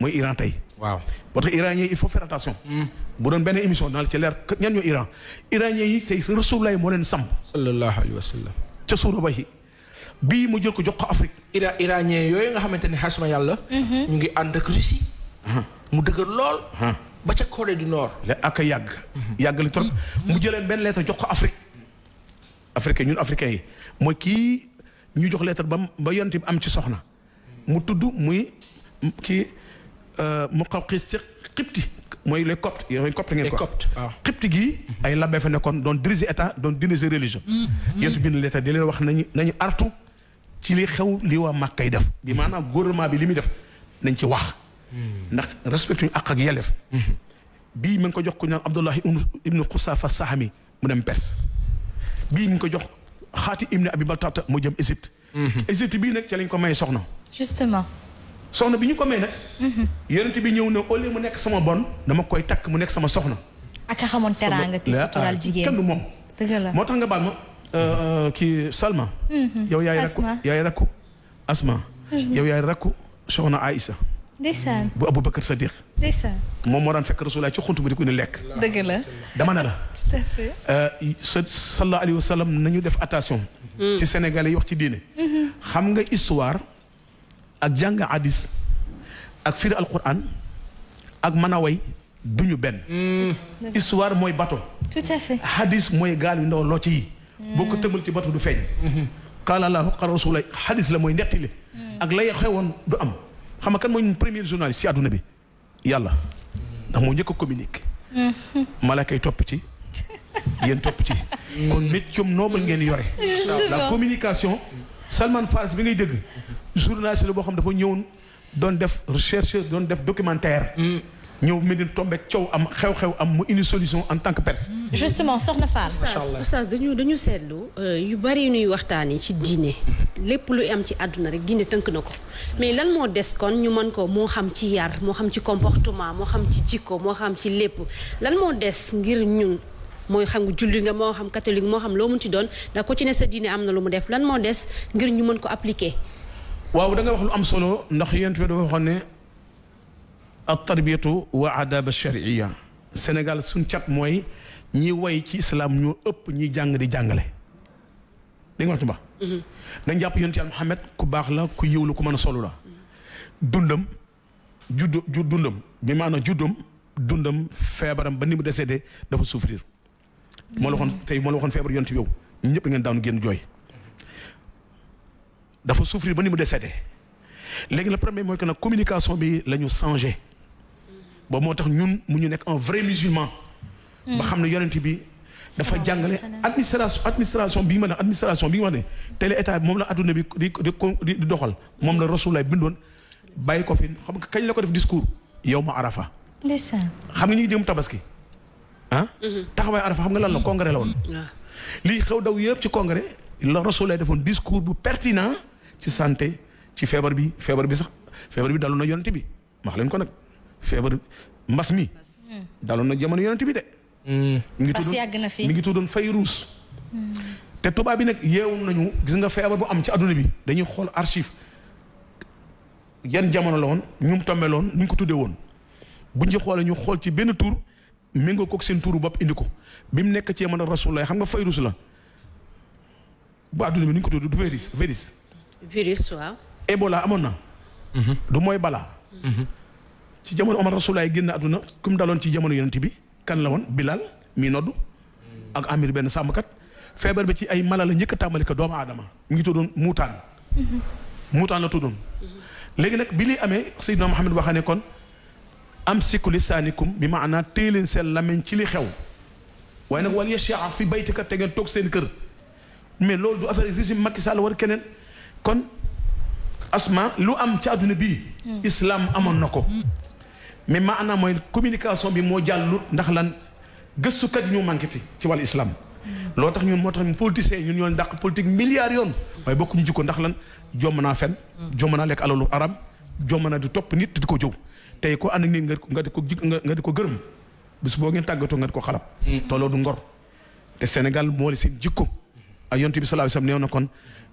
mooy Iran tey. waaw moo tax iranien il faut faire hmm. bu doon benn émission daal ci leer ñan ñoo Iran iranien yi tey Rasulullah moo leen sam sallallahu alayhi wa ba bii mu jël ko jox ko Afrique. Iran iranien yooyu nga xamante ne xasuma yàlla. Mhm. ñu ngi ànd ak Russie. Mhm. mu dëgër lool. Mhm. ba ca Corée du Nord. la ak yàgg. yàgg li trop mu jëleen benn lettre jox ko Afrique. africain ñun africain yi mooy kii ñu jox lettre ba ba yonent bi am ci soxna mu tudd muy kii. Euh, mu xaw xiis ci xibti mooy les coptes yooyu copte ngeen ko waaw xibti ay labbe fa nekkoon doon diriger état doon diriger religion mm-hmm. mm-hmm. yéen bind l'état di leen wax nañu nañu artu ci li xew li waa màkkay def bi mm-hmm. maanaam gouvernement bi li muy def nañ ci wax ndax respecté ñu àq ak yelleef bii mi ngi ko jox ku ñaan Abdullahi ibnu Xusaafa Sahami mu dem Perse bii mi ngi ko jox xaati ibnu Abi Baltata mu jëm Égypte Égypte bii nag ca lañ ko may soxna soxna bi ñu ko may nag. Mhm. yonent bi ñëw ne au lieu mu nekk sama bon dama koy takk mu nekk sama soxna. ak a xamoon teraanga te suturaal jigéen kenn du moom. dëgg la moo tax nga baal ma euh, euh, kii Salma. Mhm. yow yaay rakku yaay rakku Asma. Mhm. yow yaay rakku soxna Aïssa. ndeysaan bu Aboubacar Sadiq. ndeysaan moom moo daan fekk Rasulullah ci xunt bi di ko indi lekk. dëgg la dama ne la. tout à fait. Euh, sa sallallahu alayhi wa sallam nañu def attention. ci Sénégal yi wax ci diine. xam nga histoire. ak jàng hadis ak firi alquran ak mën duñu benn. Mm. histoire mooy bato. tout à hadis mooy gaal yu ndaw loo ci yi. Mm. boo ko tëmal ci bato du feeñ. Mm-hmm. qaala allahu qaala rasula hadis la mooy nettali. Mm. ak lay xewoon du am. xam nga kan mooy premier journaliste ci àdduna bi yàlla. ndax moo njëkk a communiqué. topp ci yéen topp ci. kon métier noble ngeen yore. la communication. Salman Faris bi nuy ngay dégg journaliste la boo xam dafa ñëwoon doon def recherche doon def documentaire. Mm. ñëw Médine tombé coow am xew-xew am mu indi solution en tant que personne. Mm. justement soxna Faar. oustaz oustaz dañu dañu seetlu euh, yu bari nuy waxtaan yi ci diine lépp luy am ci àdduna rek diine tënk na ko mais lan moo des kon ñu mën ko moo xam ci yar moo xam ci comportement moo xam ci jikko moo xam ci lépp lan moo des ngir ñun. mooy xam julli nga moo xam catholique moo xam loo mun ci doon ndax ku ci ne sa diine am na lu mu def lan moo des ngir ñu mën ko appliquer. waaw da wax lu am solo ndax yéen dafa waxoon ne at tarbiyatu wa adab sharia Sénégal suñ cat mooy ñi way ci islam ñoo ëpp ñi jàng di jàngale. dégg nga wax ba mhm. dañ jàpp yonent Yàlla Muhammad ku baax la ku yiw la ku mën a solu la dundam juddu ju dundam bi maanaam juddam dundam feebaram ba ni mu décédé dafa souffrir moo la waxoon tey moo la waxoon feebar yonent bi yow ñun ñëpp ngeen daanu génn jooy dafa souffrir ba ni mu décédé léegi na premier mooy que nag communication bi la ñu changé ba moo tax ñun mu ñu nekk un vrai musulman ba xam ne yonent bi dafa jàngale administration administration bi nga ma ne administration bi nga ma ne télé état moom la adduna bi di di di doxal moom la Rasulullah bindoon bàyyi ko fi xam nga kañ la ko def discours yow ma arafa. xam nga ñuy ngi tabaski. ah mhm. taxawaay arafa xam nga lan na mhm. congrès la woon ah. lii xew daw yëpp ci congrès la rasul lay defoon discours bu pertinent ci santé ci feebar bi feebar bi sax feebar bi daloon na yonent bi wax leen ko nag feebar mbas mi mm. daloon na jamono yonent bi de mm. mi ngi tuddoon mi ngi tuddoon fay ruus mm. te tubaab bi nag yeewu nañu gis nga feebar bu am ci adduna bi dañuy xool archive yan jamono la woon ñu mu tombé loon ñu ko tuddee woon buñ ci xoolee ñu xool ci benn tur méngoo koog seen tuuru bopp indi ko bi mu nekk ci yaman rasulullah xam nga fayrus la bu adduna bi ni ko tudd du virus virus. virus Ebola amoon na. Mhm. du mooy balaa. Mhm. ci jamono Omar rasulullah génn adduna ku daloon ci jamono yonent bi kan la woon Bilal mii noddu ak amir benn sàmmkat feebar bi ci ay mala la njëkk a tàmbali ko doomu aadama mu ngi tuddoon muutaan. Mhm. muutaan la tuddoon. léegi nag bi liy amee Seydina Mohamed waxane kon. am amsiku lisaanikum bi maanaa téye leen seen làmmiñ ci li xew waaye nag wal yashaa fi baytika te ngeen toog seen kër mais loolu du affaire régime Macky Sall keneen kon asma lu am ci àdduna bi hmm. islam amoon na ko hmm. mais maanaa mooy communication bi moo jàllut ndax lan gëstukat ñu manqueti ci wàllu islam hmm. loo tax ñun moo tax ñun politiciens ñun yoon leen dàq politique milliards yoon waaye bokkuñu jikko ndax lan jomm naa fen jomm naa lekk alalu arab jomm naa di topp nit di ko jëw tey ko ànd ak nit nga di ko nga di ko nga di ko gërëm bis boo ngeen tàggatoo nga di ko xalab hmm. te loolu du ngor te Sénégal moo li seen jikko ak yonent bi sallallahu alayhi wasallam neew na kon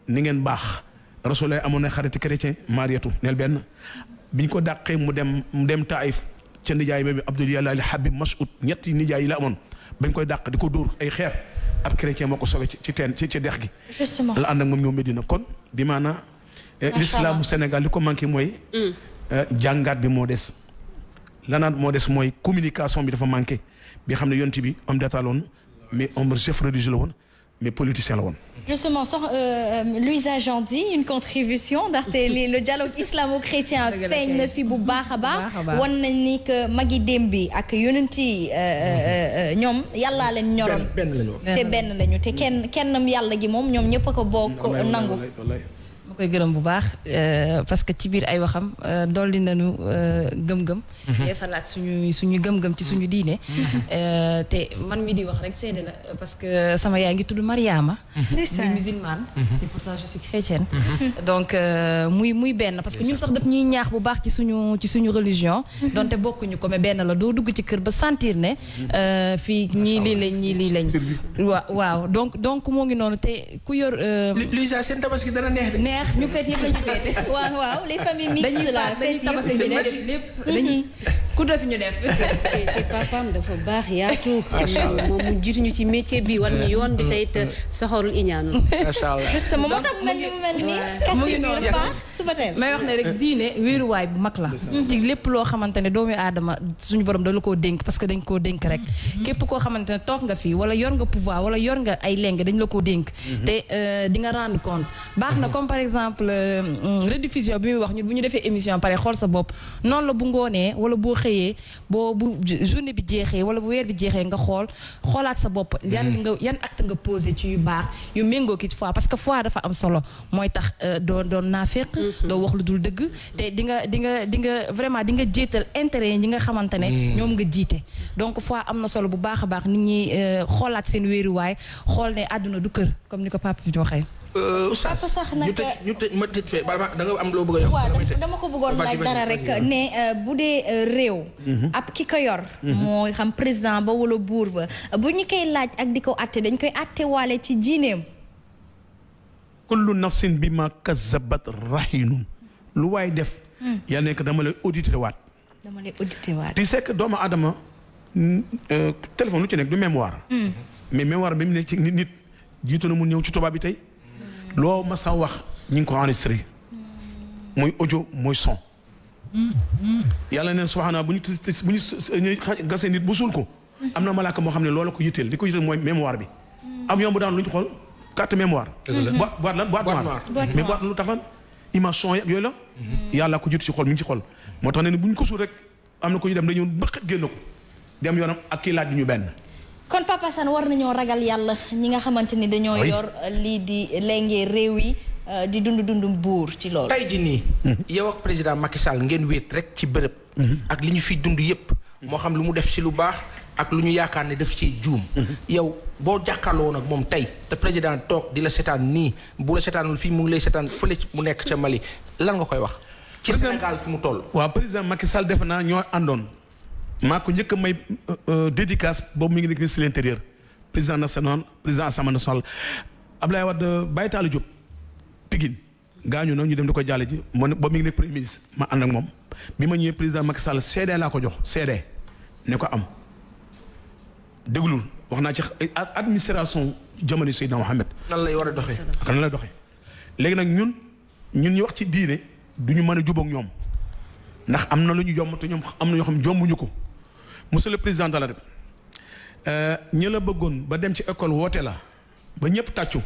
ni ngeen baax Rasulullah amoon na xariti chrétien Mariatu neel benn biñ ko dàqee mu dem mu dem Taayif ca nijaay bi Abdul Yàlla Ali Habib Mas'ud ñetti nijaay yi la amoon bañ koy dàq di ko dóor ay xeer ab chrétien moo ko soobee ci teen ci ci dex gi. la ànd ak moom ñoo kon di maanaam. Eh, l'islam Sénégal li ko manqué mooy. Hmm. Euh, jàngaat bi moo des lanaat moo des mooy communication bi dafa manqué bi xam ne yonent bi homme d'État la woon mais homme chef religieux la woon mais politicien la woon. justement sox euh, euh, Louisa Jandy une contribution ndaxte li le dialogue islamo-chrétien feeñ na fi bu baax a baax ni que magi démb bi ak yonent yi ñoom yàllaa leen ñoroon te benn lañu te kenn kennam yàlla gi moom ñoom ñëpp ko bokk nangu koy gërëm bu baax euh, parce que ci biir ay waxam euh, dolli nañu euh, gëm-gëm. Mhm. yeesalaat suñu suñu gëm-gëm ci suñu diine. Mhm. te man mi di wax rek seede la parce que sama yaay ngi tudd Mariama. Mhm. muy musulmane. et pourtant je suis chrétienne. donc muy muy benn parce que ñun sax daf ñuy ñaax bu baax ci suñu ci suñu religion. donte bokkuñu ko benn la doo dugg ci kër ba santiir ne. fii ñii lii lañ ñii lañ. waaw donc donc moo ngi noonu te ku yor. li li seen tabaski dana neex. ñu feet yëpp lañu feete. waaw waaw les familles ku def ñu def. te baax yaatu. macha allah jiitu ñu ci métier bi wan ñu mm-hmm. yoon bi tey it mm-hmm. soxorul iñaanu. macha allah justement moo tax mel ni mu mel nii. mu ngi noonu suba tey may wax ne rek diine wéeruwaay bu mag la. Mm-hmm. lépp loo xamante ne doomu aadama suñu borom da koo dénk parce que dañ koo dénk rek. képp koo xamante ne toog nga fii wala yor nga pouvoir wala yor nga ay leng dañ la koo dénk. te euh, di nga rendre compte baax na comme par exemple. exemple euh, rediffusion bi muy wax ñun bu ñu defee émission pare xool sa bopp noon la bu ngoonee wala boo xëyee boo bu journée bi jeexee wala bu weer bi jeexee nga xool xoolaat sa bopp. yan mm-hmm. nga yan acte nga posé ci yu baax yu méngoo kii fois parce que fois dafa am solo mooy tax euh, doo doon naafeq. Mm-hmm. doo wax lu dul dëgg. te di nga di nga di nga vraiment di nga jiital intérêt yi nga xamante ne. Mm-hmm. ñoom nga jiite donc fois am na solo bu baax a baax nit ñi euh, xoolaat seen wéeruwaay xool ne àdduna du kër comme ni ko papa Euh, oustaz sax nag ñu tëj ma tëj fee da am loo bëgg a dama ko bëggoon laaj dara rek ne euh, bu dee euh, réew mhm. ab ki ko yor mhm. mooy xam président ba walla buur ba bu ñu koy laaj ak di ko atte dañ koy atte waale ci jiineem kullu nafsin bi ma kazabat rahinun lu waay def hmm. yaa nekk dama lay audité waat dama di sekk doomu adama téléphone lu ci nekk du mémoire hmm. mais mémoire bi mu ne ci nit nit jiitu na mu ñëw ci tubaab bi tey loo ma sa wax ñu ngi ko enregistré mooy audio mooy son yàlla neen subhaana bu ñu bu ñu gasee nit bu suul ko am na malaaka moo xam ne loola ko yitteel li ko yitteel mooy mémoire bi avion bu daan lu ñu xool carte mémoire boîte boîte lan boîte noire mais boîte lu tax lan image son yooyu la yàlla ko jiitu ci xol mi ñu ci xol moo tax ne bu ñu ko suul rek am na ko ñu dem dañu bëqat génn ko dem yoonam ak kii laaj ñu benn kon Papa war nañoo ragal yàlla ñi nga xamante ni dañoo yor euh, lii di lengee réew yi euh, di dund dund buur ci loolu. tey ji nii. Mhm. yow ak président Macky Sall ngeen wéet rek ci bërëb. Mhm. ak li ñu fi dund yépp mhm. moo xam lu mu def ci lu baax ak lu ñu yaakaar ne def ci juum. yow boo jàkkaarloo nag moom tey te président toog di la seetaan nii bu la seetaanul fii mu ngi lay seetaan fële mu nekk ca Mali lan nga koy wax. ci Sénégal fi mu toll. waa président Macky Sall defe naa ñoo àndoon. maa ko njëkk a may euh, euh, dédicace boobu mi ngi nekk ministre de l'intérieur président national président assemblée nationale Abdoulaye Wade Baye Talla Diop Pikine gaañu na ñu dem di ko jàlle ji moo ne boobu mi ngi nekk premier ma ànd ak moom bi ma ñëwee président Macky Sall seede laa ko jox seede ne ko am déglul wax naa ci administration jamono Seydina Mohamed. nan lay war a doxee nan lay doxe léegi nag ñun ñun ñu wax ci diine du ñu mën a jubóog ñoom ndax am na lu ñu yomb te ñoom am na ñoo xam jombuñu ko. monsieur le président de la République euh, ñu la bëggoon ba dem ci école woote la ba ñëpp tàccu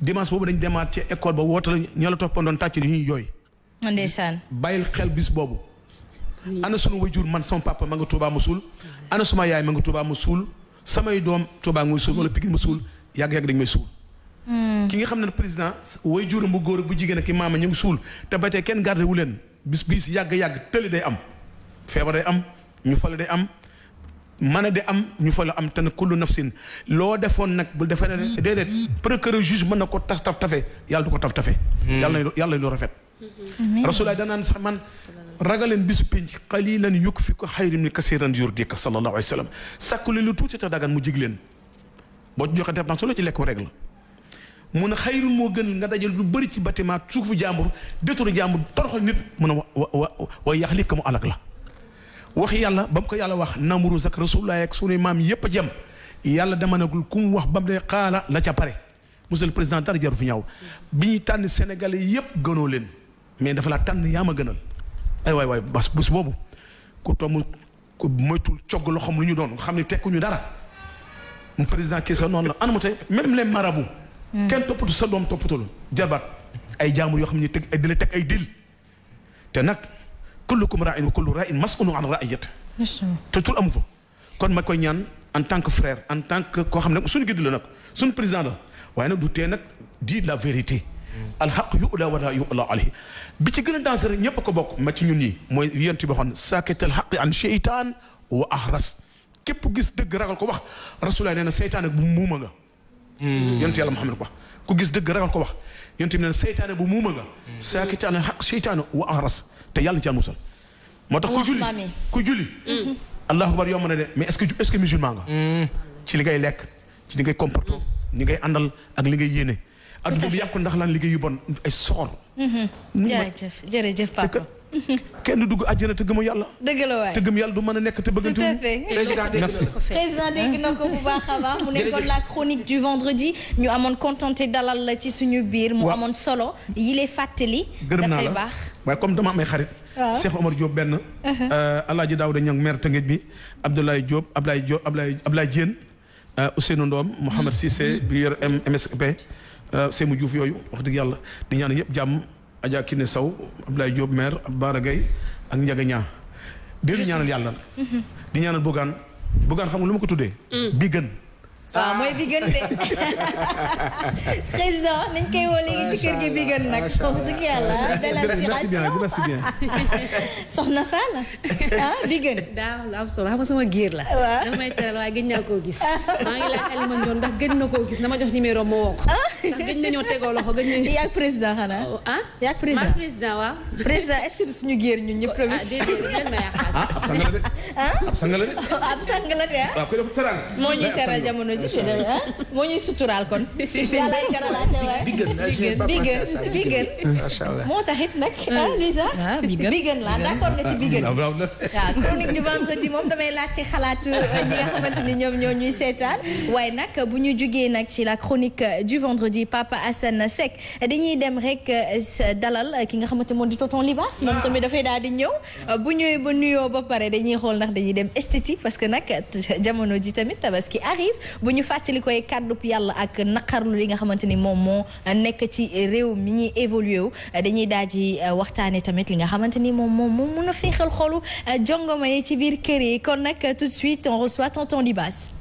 dimanche boobu dañ demaat ci école ba woote la ñu la toppandoon tàccu di ñuy jooy. ndeysaan bàyyil xel bis boobu. ana sunu wajur man sama papa ma nga Touba ma suul. ana suma yaay ma nga Touba mu suul samay doom Touba muy suul wala Pikine mu suul yàgg yàgg dañ may suul. Hmm. ki nga xam ne président wajuram bu góor bu jigéen ak i maama ñu ngi suul te ba tey kenn gardé wu leen bis bis yàgg yàgg tëli day am feebar day am. ñu fa la de am mën a de am ñu fa la am te ne nafsin loo defoon nag bu defee ne déedéet procureur juge mën na ko taf taf tafe yàlla du ko taf tafe. Hmm. yàlla na yàlla lu rafet. rasulullah danaan sax man ragaleen bisu pénc qalilan yukfiku xayrin min kasiran yurdika sallallahu alayhi wa sallam sàkku leen lu tuuti te dagan mu jig leen boo ci joxe dépense loo ci lekk rek la mun a xayrun moo gën nga dajal lu bëri ci bâtiment suufu jàmbur détour jàmbur toroxal nit mun a wa wa wa yaxlik ka mu la wax yàlla ba mu ko yàlla wax namurus ak rasulullah ak sunuy maam yépp a jem yàlla demanagul ku mu wax ba mu ne xaala la ca pare monsieur le président dara jaru fi ñaw bi ñuy tànn sénégal yépp gënoo leen mais dafa laa tànn yaa ma gënal ay waay waay bas bés boobu ku tomm ku moytul cogg loxoom lu ñu doon xam ne tekkuñu dara mu président kii sa noon la anama tey leen les marabouts hmm. kenn toppatu sa doom toppatul jarbaat ay jaamur yoo xam ne teg ay dila teg ay dil te nag kullukum ra'in wa kullu ra'in mas'ulun an ra'iyati te tur amu fa kon ma koy ñaan en tant que frère en tant que koo xam ne suñu gidd la nag suñu président la waaye nag du tee nag di la vérité mm. alxaq yula wala yula alayhi bi ci gën a a ko bokk ma ci ñun ñi mooy yent bi waxoon saketal xaqi an cheytaan wa ahras képp gis ku gis dëgg ragal ko wax yent bi na seytaan bu muuma nga saketal xaq cheytaan wa ahras te yàlla ci almusal moo tax ku julli ku julli mm-hmm. allahu akbar yomb na de mais est-ce que musulman nga mm. ci li ngay lekk ci li ngay comporté mm. ni ngay àndal ak li ngay yéene adduna bi yàqu ndax lan liggéey yu bon ay soxor mm-hmm. jërëjëf jërëjëf papa kenn dugg àjjana te gëmu yàlla. dëgg la waay te gëm yàlla du mën a nekk te bëggantu. tout à président dégg na ko bu baax a baax mu nekkoon la chronique du vendredi ñu amoon contenté dalal la ci suñu biir. mu amoon solo yi lay fàttali. gërëm naa la dafay baax. waaye comme dama am ay xarit. waaw ah. Cheikh Omar Diop benn. Uh-huh. El euh, Hadj Daouda Niang bi Abdoulaye Diop Ablaye Diop Ablaye Ablaye Diène euh, Ousseynou Ndom Mouhamed Cissé bi yor MSP Sémou yooyu wax dëgg yàlla di ñaan yëpp jàmm. Adja Kine Sow Abdoulaye Diop maire Bara Gueye ak Ndiaga Niang di ñaanal yàlla mhm. di ñaanal Bougane Bougane xam lu ma ko tuddee mm. bi gën waaw mooy bi gën de président nañ koy woo léegi ci kër gi bi gën nag wax dëgg yàlla bi gën daaw lu am solo xam nga sama géer la waaw damay teral waaye gëj naa koo gis maa ngi laaj Alima Ndione ndax gëj na koo gis dama jox numéro ma woo ko ah. ndax gëj nañoo tegoo loxo gëj nañu yaag président xanaa oh, ah président maa président waaw président est-ce que du suñu géer ñun ñëpp tamit ah, déedéet ma yàqaat ah ab sang la de ab sang la de ah ab sang la de ah, ah? moo ñuy teral jamono ci moo ñuy suturaal kon. yàlla jaralaate waaye bi gën bi gën bi gën moo taxit nag ah Luisa. bi gën laa d'accord nga ci bi gën. laa chronique du vendredi moom damay laaj ci xalaat euh, ñi nga xamante ni ñoom ñoo ñuy seetaan waaye nag bu ñu jógee nag ci la chronique euh, du vendredi Papa Assane Seck dañuy dem rek euh, dalal ki nga xamante moom di tonton Libaas moom tamit dafay daal di ñëw bu ñëwee ba nuyoo ba pare dañuy xool ndax dañuy dem esthétique parce que nag jamono ji tamit tabaski arrive. bu ñu fàttali koy kàddub yàlla ak naqarlu li nga xamante ni moom moo nekk ci réew mi ñuy évolué wu dañuy daal ji euh, waxtaane tamit li nga xamante ni moom moom moo mun a féexal xolu euh, jongoma yi ci biir kër yi kon nag tout de suite on reçoit tonton Libas